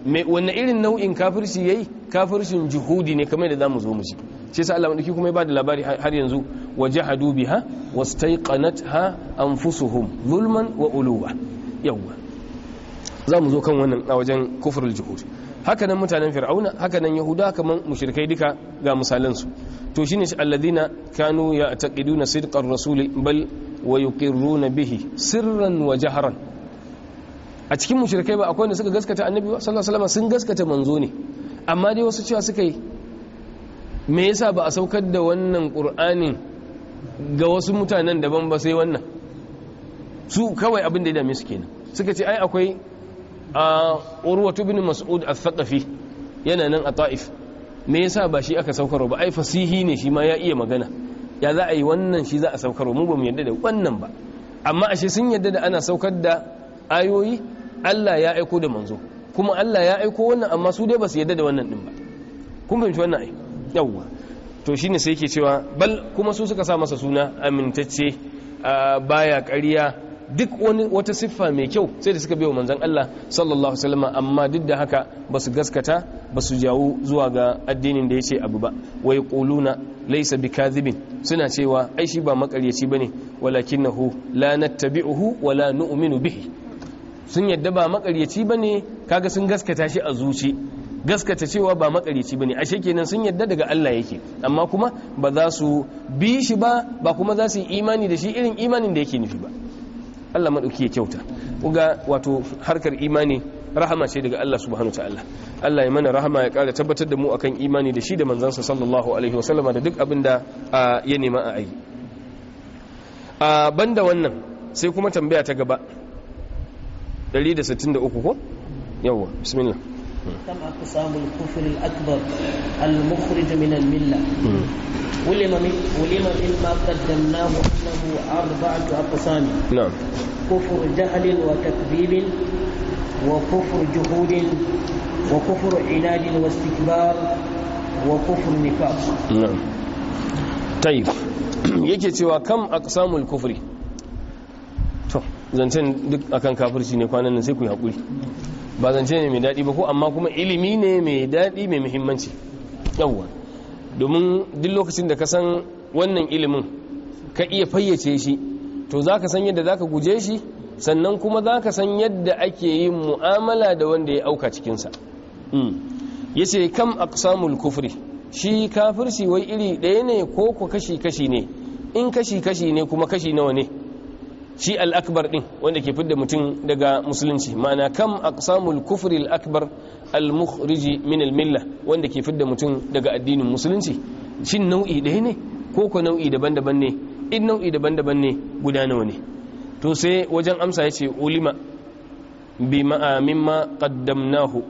me wanne irin nau'in kafirci yayi kafircin juhudi ne kamar da za mu zo mu ji shi Allah madauki kuma ya bada labari har yanzu wajahadu biha wastaiqanatha anfusuhum zulman wa uluwa yawwa zamu zo kan wannan a wajen kufrul juhud hakanan nan mutanen fir'auna haka nan yahuda kaman mushrikai duka ga misalan su to shine shi alladina kanu ya taqiduna sidqar rasul bal wa yuqirruna bihi sirran wa jahran a cikin mushrikai ba akwai wanda suka gaskata annabi sallallahu alaihi wasallam sun gaskata manzo ne amma dai wasu cewa suka yi me yasa ba a saukar da wannan qur'anin ga wasu mutanen daban ba sai wannan su kawai abin da ya dame su kenan suka ce ai akwai a urwatu bin mas'ud al-thaqafi yana nan a ta'if me yasa ba shi aka saukarwa ba ai fasihi ne shi ma ya iya magana ya za a yi wannan shi za a saukarwa mu ba mu yadda da wannan ba amma ashe sun yadda da ana saukar da ayoyi Allah ya aiko da manzo kuma Allah ya aiko wannan amma su dai ba su yadda da wannan din ba kun fahimci wannan ai yawwa to shine sai yake cewa bal kuma su suka sa masa suna amintacce baya ƙarya duk wani wata siffa mai kyau sai da suka bai wa manzon Allah sallallahu alaihi amma duk da haka basu gaskata basu jawo zuwa ga addinin da ya ce abu ba wai quluna laysa bikadhibin suna cewa ai shi ba makaryaci bane walakinahu la nattabi'uhu wala nu'minu bihi sun yadda ba makaryaci bane kaga sun gaskata shi a zuci gaskata cewa ba makarici bane ashe kenan sun yadda daga Allah yake amma kuma ba za su bi shi ba ba kuma za su yi imani da shi irin imanin da yake nufi ba Allah maɗauki ya kyauta kuga wato harkar imani rahama ce daga Allah subhanahu ta'ala Allah ya mana rahama ya ƙara tabbatar da mu akan imani da shi da manzansa sallallahu alaihi wasallama da duk abin da ya nema a ayi a banda wannan sai kuma tambaya ta gaba 163 ko yawwa bismillah كم أقسام الكفر الأكبر المخرج من الملة ولم من ولم مما قدمناه أنه أربعة أقسام نعم كفر جهل وتكذيب وكفر جهود وكفر عناد واستكبار وكفر نفاق نعم طيب yake cewa kam aqsamul kufri to zancen duk akan kafirci ne kwanan nan sai ku yi hakuri ba zance ne mai daɗi ba ko amma kuma ilimi ne mai daɗi mai muhimmanci yawwa domin duk lokacin da ka san wannan ilimin ka iya fayyace shi to za ka san yadda za ka guje shi sannan kuma za ka san yadda ake yin mu'amala da wanda ya auka cikinsa hmm. ya ce kam aksamul kufri shi kafirci wai iri ɗaya ne ko ku kashi-kashi ne in kashi-kashi ne kuma kashi nawa ne shi al'akbar ɗin wanda ke fidda mutum daga musulunci ma'ana kam aqsamul kufri al'akbar al-mukhriji min al-milla wanda ke fidda mutum daga addinin musulunci shin nau'i ɗaya ne ko ko nau'i daban-daban ne in nau'i daban-daban ne guda nawa ne to sai wajen amsa ya ce ulima bi bima ma qaddamnahu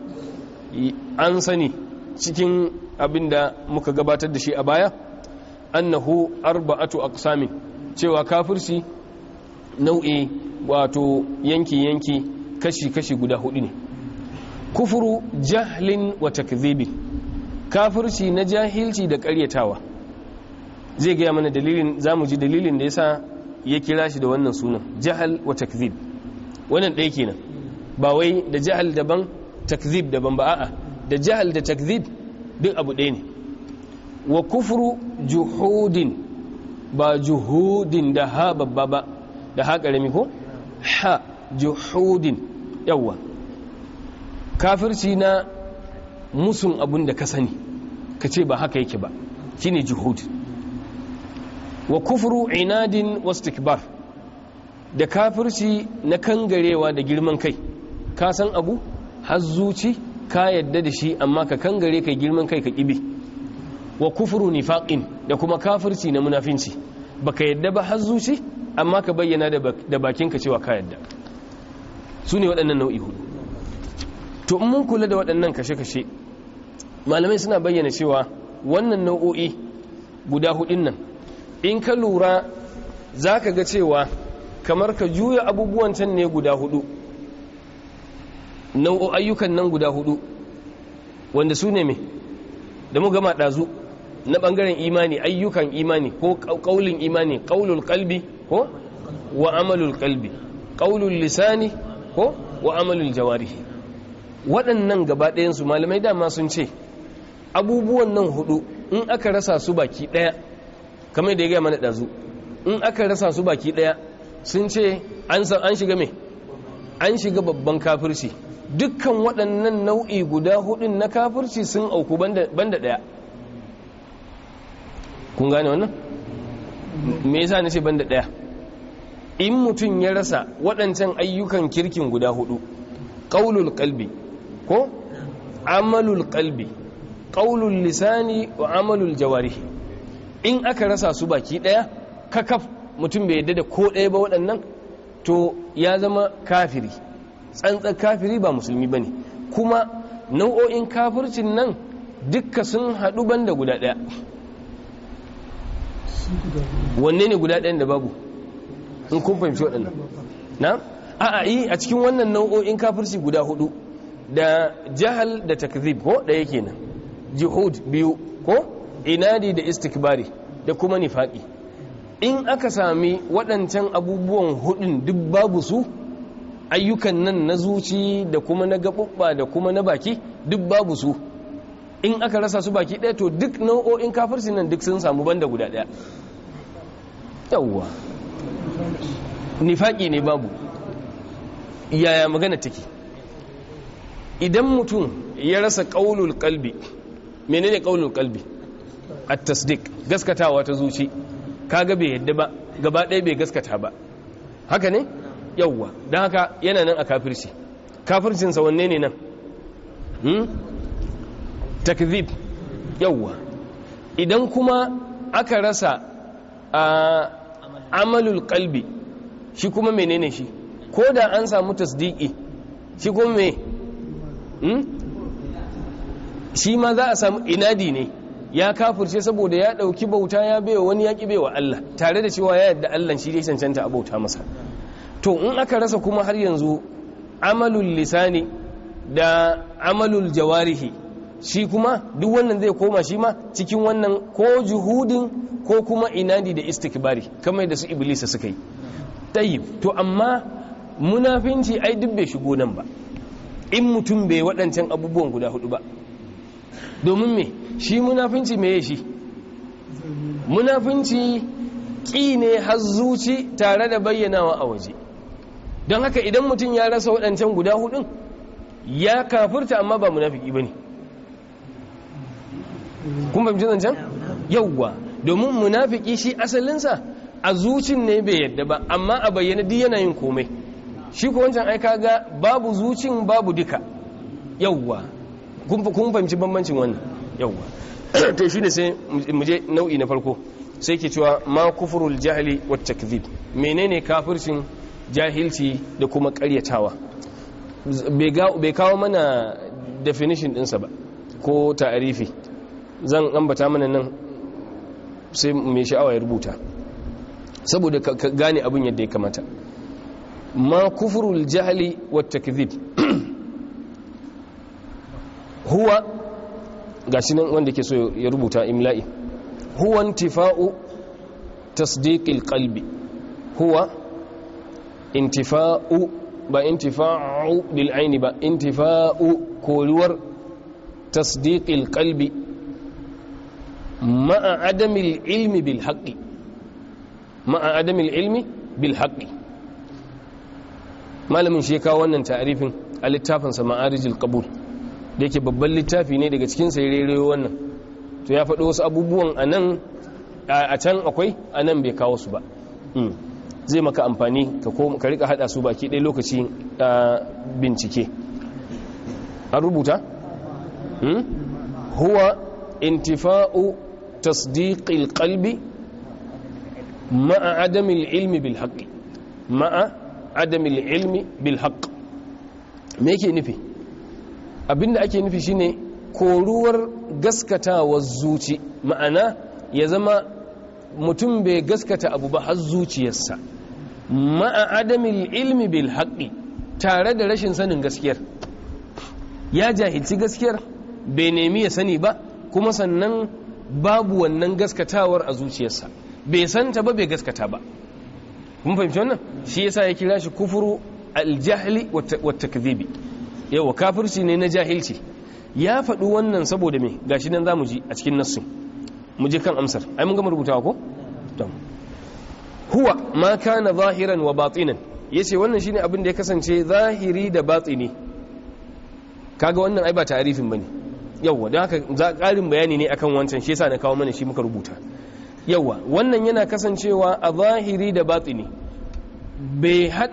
an sani cikin abin da muka gabatar da shi a baya annahu arba'atu aqsamin cewa kafirci nau'i wato yanki-yanki kashi-kashi guda hudu ne kufuru jahlin wa takzibin kafirci na jahilci da karyatawa zai gaya mana dalilin zamu ji dalilin da ya sa ya kira shi da wannan sunan jahal wa takzib wannan ɗaya kenan ba wai da jahal daban takzib daban ba a'a da jahal da takzib duk abu ɗaya ne wa kufuru juhudin ba juhudin da ha babba ba da ha ƙarami ko ha juhudin yawwa kafirci na musun abun da ka sani ka ce ba haka yake ba ne juhudin wa kufru inadin wastikbar da kafirci na kangarewa da girman kai ka san abu har zuci ka yadda da shi amma ka kangare kai girman kai ka ƙibe wa kufuru nifaƙin da kuma kafirci na munafinci ka yadda ba har zuci amma ka bayyana da bakin ka cewa ka yadda su ne waɗannan nau'i hudu to mun kula da waɗannan kashe-kashe malamai suna bayyana cewa wannan nau'o'i guda hudun nan in ka lura za ka ga cewa kamar ka juya abubuwan can ne guda hudu ayyukan nan guda hudu wanda su ne mai da mu gama ɗazu na ɓangaren imani ayyukan imani ko ƙaulin imani ƙaulul ƙalbi. ko wa amalul kalbi qaulul lisani ko wa amalul jawarihi waɗannan gaba ɗayansu malamai dama sun ce abubuwan nan hudu in aka rasa su baki ɗaya kamar da ya gaya mana ɗazu in aka rasa su baki ɗaya sun ce an shiga me an shiga babban kafirci dukkan waɗannan nau'i guda hudun na kafirci sun auku banda ɗaya kun gane wannan me yasa na ce banda ɗaya in mutum ya rasa waɗancan ayyukan kirkin guda hudu ƙaulul kalbi ko amalul ƙalbi, ƙaulul lisani wa amalul jawarihi in aka rasa su baki ɗaya kakaf mutum bai yadda da ko ɗaya ba waɗannan to ya zama kafiri tsantsar kafiri ba musulmi ba ne kuma nau'o'in kafircin nan dukka sun haɗu banda guda ɗaya wanne ne guda ɗayan da babu in kun fahimci waɗannan na a a yi a cikin wannan nau'o'in kafirci guda hudu da jahal da takzib ko da yake nan jihud biyu ko inadi da istikbari da kuma nifaƙi in aka sami waɗancan abubuwan hudun duk babu su ayyukan nan na zuci da kuma na gaɓuɓɓa da kuma na baki duk babu su in aka rasa su baki ɗaya to duk nau'o'in kafirci nan duk sun samu banda guda ɗaya yawwa nifaƙi ne babu yaya magana take idan mutum ya rasa ƙaunul kalbi menene ƙaunul kalbi a tasdik gaskatawa ta zuci kaga bai yadda ba gaba ɗaya bai gaskata ba haka ne yauwa don haka yana nan a kafirci kafircinsa wanne ne nan hmm? takzib yauwa idan kuma aka rasa a ah, amalul kalbi shi kuma menene shi ko da an samu tasdiki shi kuma me hmm? shi ma za a samu inadi ne ya kafirce saboda ya dauki bauta ya baiwa wani ya ki baiwa Allah tare da cewa ya yadda Allah shi dai cancanta a bauta masa to in aka rasa kuma har yanzu amalul lisani da amalul jawarihi shi kuma duk wannan zai koma shi ma cikin wannan ko juhudin ko kuma inadi da istikbari kamar da su iblisa suka yi tayyib to amma munafinci ai duk bai shigo nan ba in mutum bai waɗancan abubuwan guda hudu ba domin me shi munafinci me shi munafinci ƙi ne har zuci tare da bayyanawa a waje don haka idan mutum ya rasa waɗancan guda hudun ya kafurta amma ba munafiki ba ne kun fahimci jan yawwa domin munafiki shi asalinsa a zucin ne bai yadda ba amma a bayyana duk yana yin komai shi ko wancan ai kaga babu zucin babu duka yawwa kun fahimci bambancin wannan yawwa to shine sai muje nau'i na farko sai ke cewa ma kufurul jahili wa takzib menene kafircin jahilci da kuma karyatawa bai kawo mana definition dinsa ba ko ta'arifi zan ambata mana nan sai mai sha'awa ya rubuta saboda ka gane abin yadda ya kamata ma kufurul jahali wat takdhib huwa gashi nan wanda ke so ya rubuta imla'i huwa intifa'u tasdiqil qalbi huwa intifa'u ba intifa'u bil aini ba intifa'u koluwar tasdiqil qalbi ma'a adamil ilmi bil haqqi ma'a adamil ilmi malamin shi kawo wannan ta'arifin a littafinsa ma'arijil qabul da yake babban littafi ne daga cikin sai rere wannan to ya faɗo wasu abubuwan a nan a can akwai a nan bai kawo su ba hmm. zai maka amfani ka rika hada su baki ɗaya lokaci bincike an rubuta hmm? huwa intifa'u tasdiqil qalbi ma'a adamil ilmi bil ma'a adamil ilmi bil me yake nufi abinda ake nufi shine koruwar gaskatawa zuci ma'ana ya zama mutum bai gaskata abu ba har zuciyarsa ma'a adamil ilmi bil tare da rashin sanin gaskiyar ya jahilci gaskiyar bai nemi ya sani ba kuma sannan babu wannan gaskatawar a zuciyarsa bai santa ba bai gaskata ba mun fahimci wannan shi yasa ya kira shi kufuru aljahli wa takdhibi yawa kafirci ne na jahilci ya faɗi wannan saboda me gashi nan zamu ji a cikin nasu mu je kan amsar ai mun ga rubutawa ko huwa ma kana zahiran wa batinan yace wannan shine abin da ya kasance zahiri da batini kaga wannan ai ba ta'arifin bane yawwa don haka za ƙarin bayani ne akan wancan shi yasa na kawo mana shi muka rubuta yawwa wannan yana kasancewa a zahiri da batini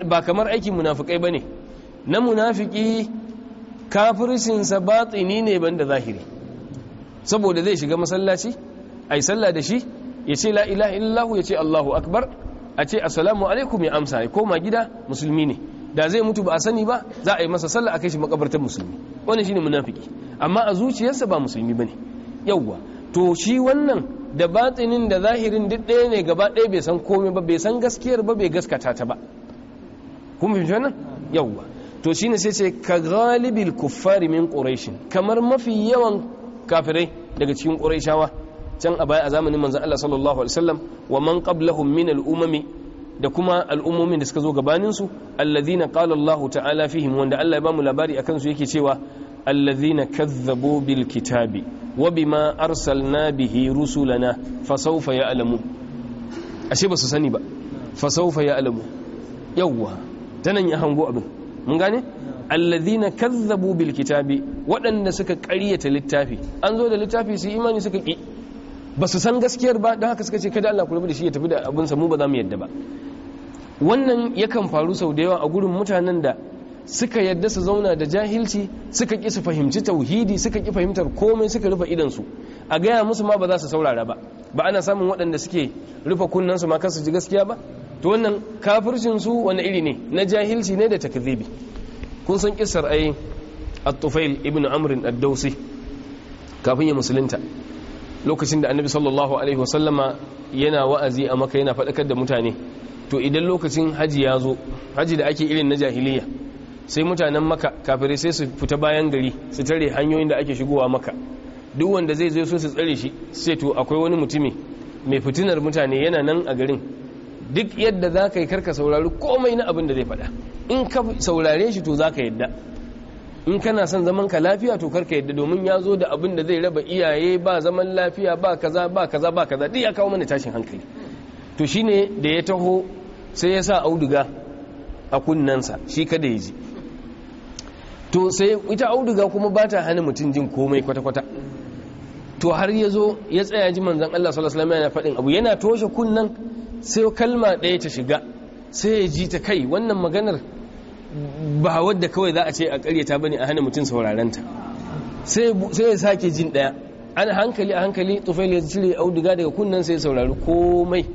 ba kamar aikin munafikai ba ne na munafiki kafircinsa batsini ne ban da zahiri saboda zai shiga masallaci a sallah da shi ya ce la ilaha ya ce allahu akbar a ce assalamu alaikum ya amsa ya koma gida musulmi ne da zai mutu ba a sani ba za a yi masa sallah a kai shi makabartar musulmi wani shine munafiki amma a zuciyarsa ba musulmi bane yawwa to shi wannan da batsinin da zahirin duk ɗaya ne gaba ɗaya bai san komai ba bai san gaskiyar ba bai gaskata ta ba kun fahimci wannan yawwa to shine sai ce ka galibil kuffari min quraish kamar mafi yawan kafirai daga cikin quraishawa can a baya a zamanin manzon Allah sallallahu alaihi wasallam wa man qablahum min al-umami da kuma al'ummomin da suka zo gabaninsu allazina qala Allahu ta'ala fihim wanda Allah ya bamu labari akan su yake cewa allazina kazzabu bil kitabi wa bima arsalna bihi rusulana fa fasawfa ya'lamu ashe ba su sani ba fa fasawfa ya'lamu yawwa tanan ya hango abin mun gane allazina kazzabu bil kitabi waɗanda suka ƙaryata littafi an zo da littafi su imani suka ƙi ba su san gaskiyar ba don haka suka ce kada Allah kula da shi ya tafi da abin samu ba za mu yadda ba wannan yakan faru sau da yawa a gurin mutanen da suka yadda su zauna da jahilci suka ƙi su fahimci tauhidi suka ki fahimtar komai suka rufe su a gaya musu ma ba za su saurara ba ba ana samun waɗanda suke rufe su ma kan su ji gaskiya ba to wannan kafircin su wani iri ne na jahilci ne da takzibi kun san kissar ai at-tufail ibnu amr ad-dawsi kafin ya musulunta lokacin da annabi sallallahu alaihi wasallama yana wa'azi a maka yana faɗakar da mutane to idan lokacin haji ya zo haji da ake irin na jahiliya sai mutanen maka kafirai sai su fita bayan gari su tare hanyoyin da ake shigowa maka duk wanda zai zo su tsare shi sai to akwai wani mutumi mai fitinar mutane yana nan a garin duk yadda za ka yi karka saurari komai na abin da zai faɗa in ka saurare shi to za ka yadda in kana son zaman ka lafiya to karka yadda domin ya zo da abin da zai raba iyaye ba zaman lafiya ba kaza ba kaza ba kaza duk ya kawo mana tashin hankali to shine da ya taho sai ya sa auduga a kunnansa shi kada ya ji to sai ita auduga kuma ba ta hana mutum jin komai kwata-kwata to har ya zo ya tsaya ji manzan Allah sallallahu alaihi wasallam yana faɗin abu yana toshe kunnen sai kalma ɗaya ta shiga sai ya ji ta kai wannan maganar ba wadda kawai za a ce a karyata bane a hana mutum saurarenta sai ya sake jin daya an hankali a hankali tufail ya cire auduga daga kunnen sai ya saurari komai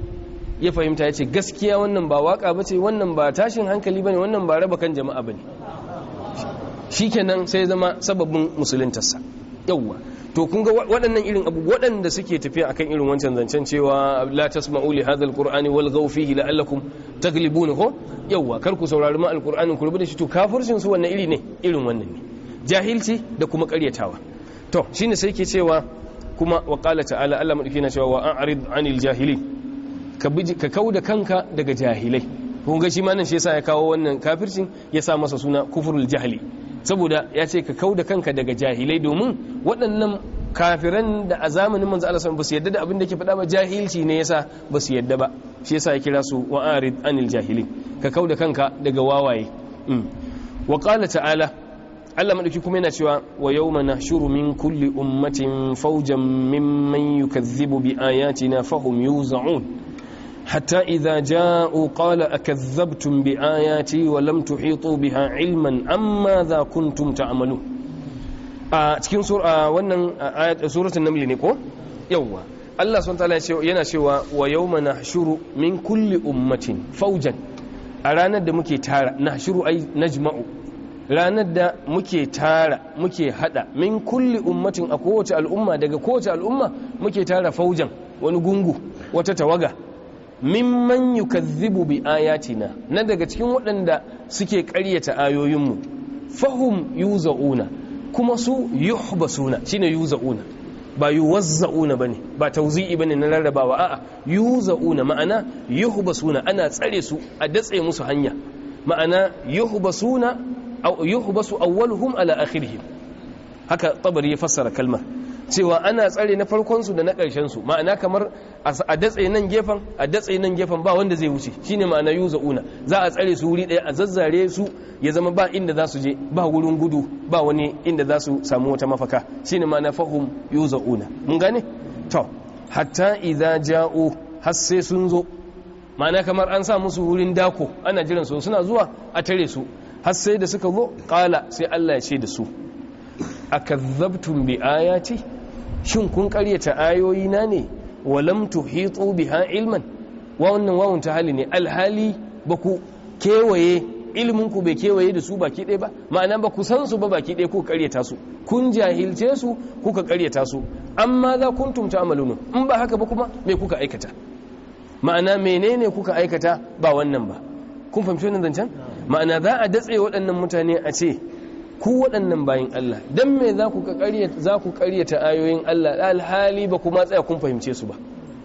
ya fahimta ya ce gaskiya wannan ba waka ba ce wannan ba tashin hankali ba ne wannan ba raba kan jama'a ba ne shi kenan sai zama sababin musuluntarsa yawwa. to kun ga waɗannan irin abu waɗanda suke tafiya akan irin wancan zancen cewa la tasma'u li hadha alqur'ani wal ghaw fihi la'allakum taglibun ko yawa kar ku saurari ma alqur'ani ku rubuta shi to kafircin su wannan iri ne irin wannan ne jahilci da kuma ƙaryatawa to shine sai ke cewa kuma wa qala ta'ala Allah madauki na cewa wa a'rid anil jahilin ka ka kauda kanka daga jahilai kun ga shi ma nan shi yasa ya kawo wannan kafircin ya sa masa suna kufrul jahili saboda ya ce ka kauda kanka daga jahilai domin waɗannan kafiran da a zamanin manzo Allah ba su yadda da abin da ke faɗa ba jahilci ne yasa ba su yadda ba shi yasa ya kira su wa arid anil jahilin ka kauda kanka daga wawaye mm. wa qala ta'ala Allah madauki kuma yana cewa wa yawma nashuru min kulli ummatin fawjan mimman yukazzibu bi ayatina fahum yuz'un حتى إذا جاءوا قال wa بآياتي ولم تحيطوا بها amma أم ماذا كنتم تعملون a cikin wannan suratun naml ne ko yawwa Allah subhanahu yana cewa wa na shuru min kulli ummatin faujan a ranar da muke tara shuru ai najma'u ranar da muke tara muke hada min kulli ummatin a kowace al'umma daga kowace al'umma muke tara faujan wani gungu wata tawaga mimman yukazzibu bi ayatina na daga cikin waɗanda suke karyata ayoyinmu fahum yuzauna kuma su yuhbasuna shine yuzauna ba yuwazza'una bane ba ba bane na rarrabawa a'a yuzauna ma'ana suna ana tsare su a datse musu hanya ma'ana yuhbasuna aw a awwaluhum ala akhirihim haka tabari ya fassara kalmar cewa ana tsare na farkonsu da na ƙarshensu ma'ana kamar a datse nan gefen a datse nan gefen ba wanda zai wuce shine ma'ana yuza una za a tsare su wuri ɗaya a zazzare su ya zama ba inda za su je ba wurin gudu ba wani inda za su samu wata mafaka shine ma'ana fahum yuza una mun gane to hatta idza ja'u har sai sun zo ma'ana kamar an sa musu wurin dako ana jiran su suna zuwa a tare su har sai da suka zo qala sai Allah ya ce da su akazzabtum bi ayati shin kun karyata ayoyi na ne walam tuhitu biha ilman wa wannan wawun ta hali ne alhali ba ku kewaye ilmin bai kewaye da su baki ɗaya ba ma'ana ba ku san su ba baki ɗaya ku karyata su kun jahilce su kuka karyata su amma za kun tumta amalunu in ba haka ba kuma me kuka aikata ma'ana menene kuka aikata ba wannan ba kun fahimci wannan zancen ma'ana za a datse waɗannan mutane a ce ku waɗannan bayan Allah don me za ku ƙaryata ayoyin Allah alhali ba kuma tsaya kun fahimce su ba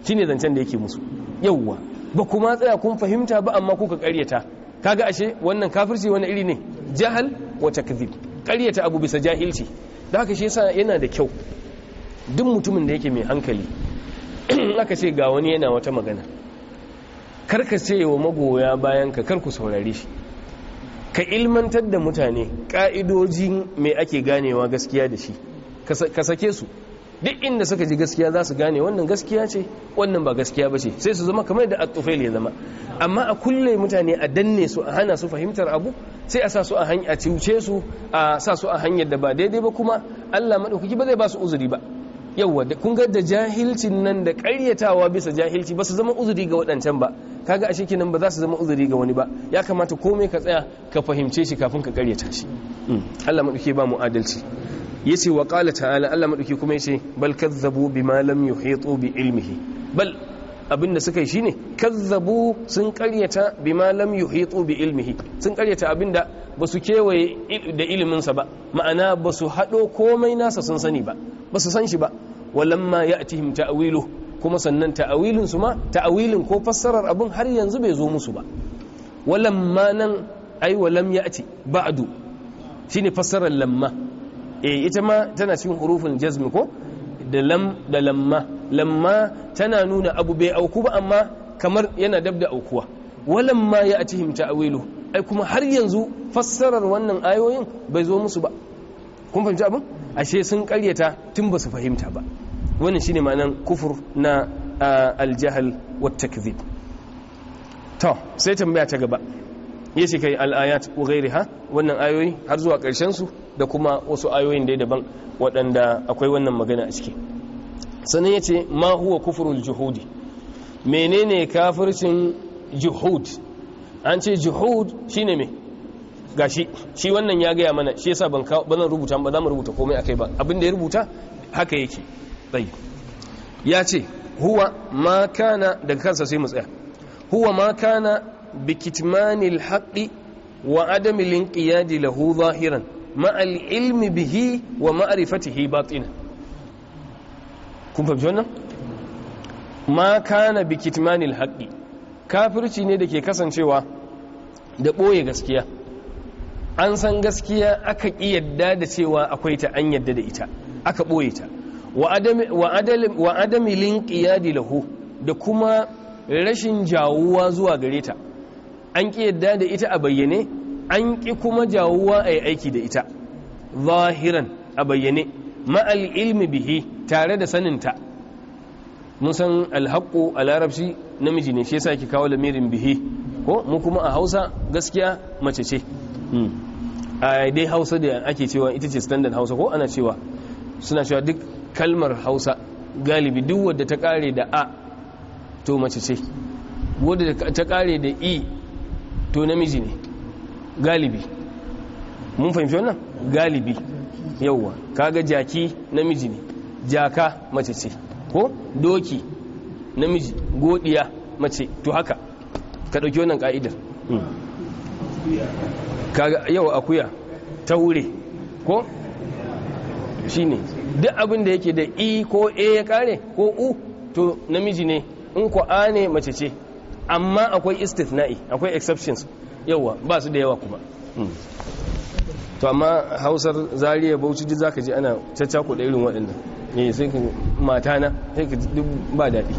shi ne zancen da yake musu yauwa ba kuma tsaya kun fahimta ba amma kuka ƙaryata kaga ashe wannan kafirci wani iri ne jahal wa takzib ƙaryata abu bisa jahilci da haka shi yasa yana da kyau duk mutumin da yake mai hankali aka ce ga wani yana wata magana karka ce wa magoya bayanka kar ku saurare shi ka ilmantar da mutane ka'idojin mai ake ganewa gaskiya da shi ka sake su duk inda suka ji gaskiya za su gane wannan gaskiya ce wannan ba gaskiya ba ce sai su zama kamar da a atufel ya zama amma a kulle mutane a danne su a hana su fahimtar abu sai a sa su a su a sa su a hanyar da ba daidai ba kuma allah maɗaukaki ba zai ba su uzuri ba yauwa kun ga da jahilcin nan da karyatawa bisa jahilci ba su zama uzuri ga waɗancan ba kaga a shekinan ba za su zama uzuri ga wani ba ya kamata komai ka tsaya ka fahimce shi kafin ka karyata shi mm. Allah madauke ba mu adalci yace wa ƙala ta'ala Allah madauke kuma ya ce bal kazzabu malam lam yuhitu bi ilmihi bal abinda suka yi shine kazzabu sun karyata bima lam yuhitu bi ilmihi sun karyata abinda basu kewaye da iliminsa ba ma'ana basu hado komai nasa sun sani ba su san shi ba walamma ya'tihim ta'wilu kuma sannan ta'awilin su ma ta'awilin ko fassarar abin har yanzu bai zo musu ba walamma nan ai walam ya'ti ba'du shine fassarar lamma eh ita ma tana cikin hurufin jazm ko da lam da lamma lamma tana nuna abu bai auku ba amma kamar yana dab da aukuwa walamma ya cihim ta'awilu ai kuma har yanzu fassarar wannan ayoyin bai zo musu ba kun fahimci abin ashe sun karyata tun ba su fahimta ba wannan shine ma'anar kufur na aljahl wat takdhib to sai tambaya ta gaba yace kai al-ayat wa ha wannan ayoyi har zuwa karshen su da kuma wasu ayoyin da daban waɗanda akwai wannan magana a ciki sannan ya ce ma huwa kufurul juhudi menene kafircin juhud an ce juhud shine me gashi shi wannan ya gaya mana shi yasa ban ban rubuta ba za mu rubuta komai akai ba abinda ya rubuta haka yake tsayi ya ce huwa ma kana daga kansa sai mu tsaya huwa ma kana bikitmanil haqqi wa adamil inqiyadi lahu zahiran ma ilmi bihi wa ma'rifatihi batinan kun fahimci wannan ma kana bi kitmanil haqqi kafirci ne da ke kasancewa da ɓoye gaskiya an san gaskiya aka ƙi yadda da cewa akwai ta an yadda da ita aka ɓoye ta wa adami linƙiyadi lahu da kuma rashin jawuwa zuwa gare ta an ƙi yadda da ita a bayyane an ƙi kuma jawuwa a aiki da ita zahiran a bayyane ma'al ilmi bihi tare da saninta mun san alhaƙo a larabci namiji ne shi yasa ki kawo lamirin bihe ko mu kuma a hausa gaskiya mace ce hmm. a dai hausa da ake cewa ita ce standard hausa ko ana cewa suna cewa duk kalmar hausa galibi duk wadda ta kare da a to mace ce wadda ta kare da i to namiji ne galibi mun fahimci wannan galibi yauwa kaga jaki namiji ne jaka mace ce ko doki namiji godiya mace to haka ka dauki wannan kaga yau akuya ta wure ko shi duk abin da yake da i ko e ya kare ko u to namiji ne in ku a ne mace ce amma akwai istithna'i akwai exceptions yawa ba su da yawa kuma hmm. to amma hausar zariya bauchi ji zaka ji ana da irin waɗannan ne eh, sai ka mata na sai ka duk ba daɗi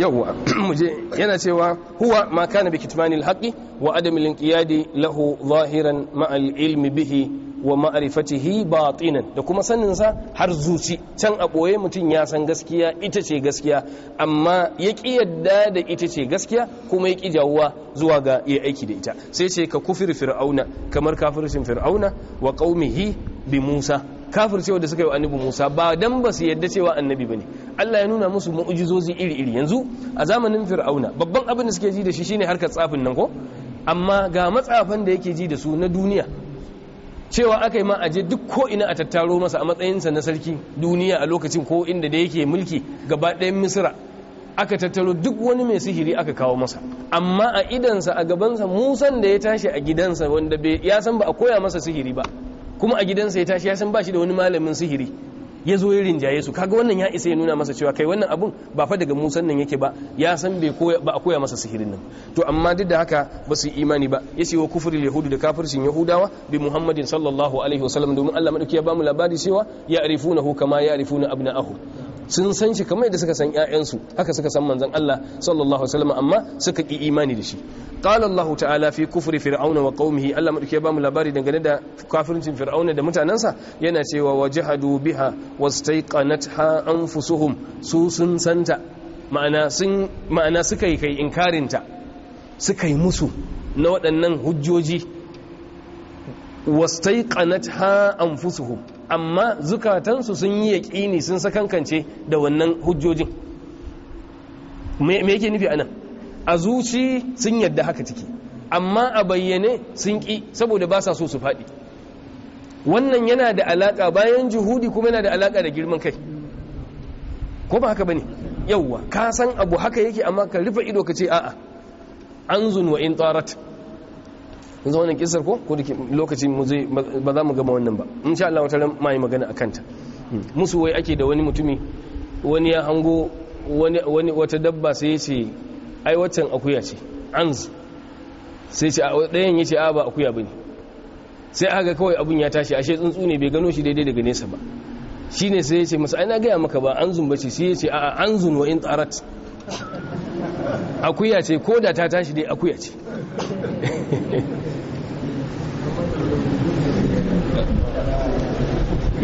yawwa muje yana cewa huwa ma kana bi kitmanil haqqi wa adam al lahu zahiran ma al ilmi bihi wa ma'arifatihi batinan da kuma sanin sa har zuci can a ɓoye mutum ya san gaskiya ita ce gaskiya amma ya ƙi yadda da ita ce gaskiya kuma ya ki jawuwa zuwa ga iya aiki da ita sai ce ka kufir fir'auna kamar kafircin fir'auna wa ƙaumihi bi Musa kafircewa da suka yi wa annabi Musa ba dan ba su yadda cewa annabi ba ne Allah ya nuna musu mu'ujizozi iri-iri yanzu a zamanin fir'auna babban abin da suke ji da shi shine harkar tsafin nan ko amma ga matsafan da yake ji da su na duniya cewa aka yi ma aje duk ko ina a tattaro masa a matsayinsa na sarki duniya a lokacin ko inda da yake mulki gaba ɗayan misira aka tattaro duk wani mai sihiri aka kawo masa amma a idansa a gabansa musan da ya tashi a gidansa wanda ya san ba a koya masa sihiri ba kuma a gidansa ya tashi ya san ba shi da wani malamin sihiri ya zo ya rinjaye su kaga wannan ya isa ya nuna masa cewa kai wannan abun ba fa daga musan nan yake ba ya san bai koya ba a koya masa sihirin nan to amma duk da haka ba su imani ba yace wa kufurin yahudu da kafircin yahudawa bi muhammadin sallallahu alaihi wasallam domin Allah madauki ya bamu labari cewa ya hu kama ya arifuna ahu sun san shi kamar yadda suka san ƴaƴansu haka suka san manzon Allah sallallahu alaihi wasallam amma suka ki imani da shi qala ta'ala fi kufri fir'auna wa qaumihi Allah madauke ba bamu labari dangane da kafircin fir'auna da mutanansa yana cewa wajhadu biha wastaiqanatha anfusuhum su sun santa ma'ana sun ma'ana suka yi kai ta, suka yi musu na waɗannan hujjoji wastaiqanatha anfusuhum amma zukatansu sun yi yaƙini sun sakankance da wannan hujjojin me yake nufi anan a zuci sun yadda haka ciki amma a bayyane sun ƙi saboda ba sa so su faɗi wannan yana da alaƙa bayan juhudi kuma yana da alaƙa da girman kai ko ba haka ba ne yauwa ka san abu haka yake amma ka rufe ido ka ce a'a an zunwa in tsarat kun zo wannan kisar ko ko da lokaci mu zai ba za mu gama wannan ba insha Allah wata ran mai magana akan ta hmm. musu wai ake da wani mutumi wani ya hango wani wani wata dabba sai ya ce ai waccan akuya ce anz sai ce dayan ya ce a ba akuya bane sai aka kawai abun ya tashi ashe tsuntsu ne bai gano shi daidai daga nesa ba shine sai ya ce masa ai na ga maka ba anzun bace sai ya ce a anzun wa in tsarat akuya ce ko da ta tashi dai akuya ce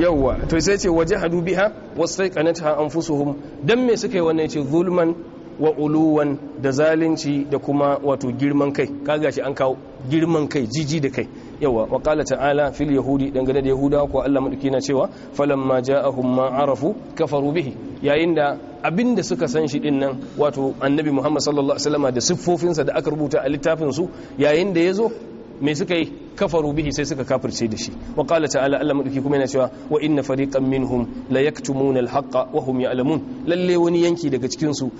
yawwa to sai ce waje hadu biha wasai kanata anfusuhum dan me suka yi wannan ce zulman wa uluwan da zalunci da kuma wato girman kai kaga shi an kawo girman kai jiji da kai yawa wa qala ta'ala fil yahudi dangane da yahuda ko Allah madauki na cewa falamma ja'ahum ma arafu kafaru bihi yayin da abinda suka san shi din nan wato annabi Muhammad sallallahu alaihi wasallam da siffofinsa da aka rubuta a littafin su yayin da yazo me suka yi kafaru bihi sai suka kafirce da shi wa qala ta'ala Allah madauki kuma yana cewa wa inna fariqan minhum la yaktumuna al-haqqa wa hum ya'lamun lalle wani yanki daga cikin su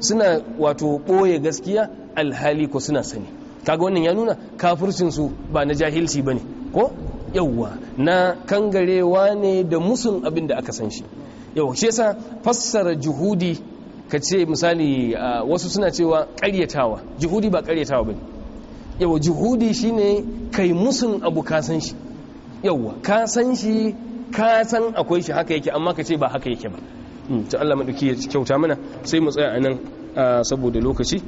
suna wato boye gaskiya alhali ko suna sani kaga wannan ya nuna kafircin su ba na jahilci bane ko yawwa na kangarewa ne da musun abin da aka san shi yawa shi yasa fassara juhudi ka ce misali wasu suna cewa ƙaryatawa juhudi ba ƙaryatawa bane yawa juhudi ne kai musun abu kasan shi yawa ka shi kasan akwai shi haka yake amma ka ce ba haka yake ba hmm, to Allah maɗuki ya kyauta mana sai mu tsaya a nan saboda lokaci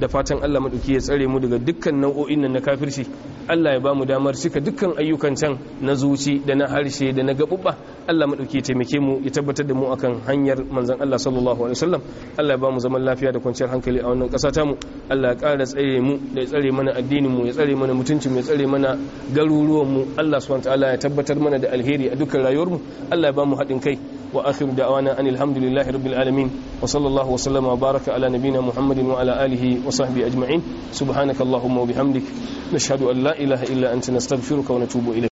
da fatan Allah maɗauki ya tsare mu daga dukkan nau'o'in nan na kafirci Allah ya ba mu damar cika dukkan ayyukan can na zuci da na harshe da na gaɓuɓɓa Allah maɗauki ya taimake mu ya tabbatar da mu akan hanyar manzon Allah sallallahu alaihi wasallam Allah ya ba mu zaman lafiya da kwanciyar hankali a wannan ƙasa mu Allah ya ƙara tsare mu da ya tsare mana addinin mu ya tsare mana mutuncin mu ya tsare mana garuruwan mu Allah subhanahu wa ta'ala ya tabbatar mana da alheri a dukkan rayuwar mu Allah ya ba mu haɗin kai واخر دعوانا ان الحمد لله رب العالمين وصلى الله وسلم وبارك على نبينا محمد وعلى اله وصحبه اجمعين سبحانك اللهم وبحمدك نشهد ان لا اله الا انت نستغفرك ونتوب اليك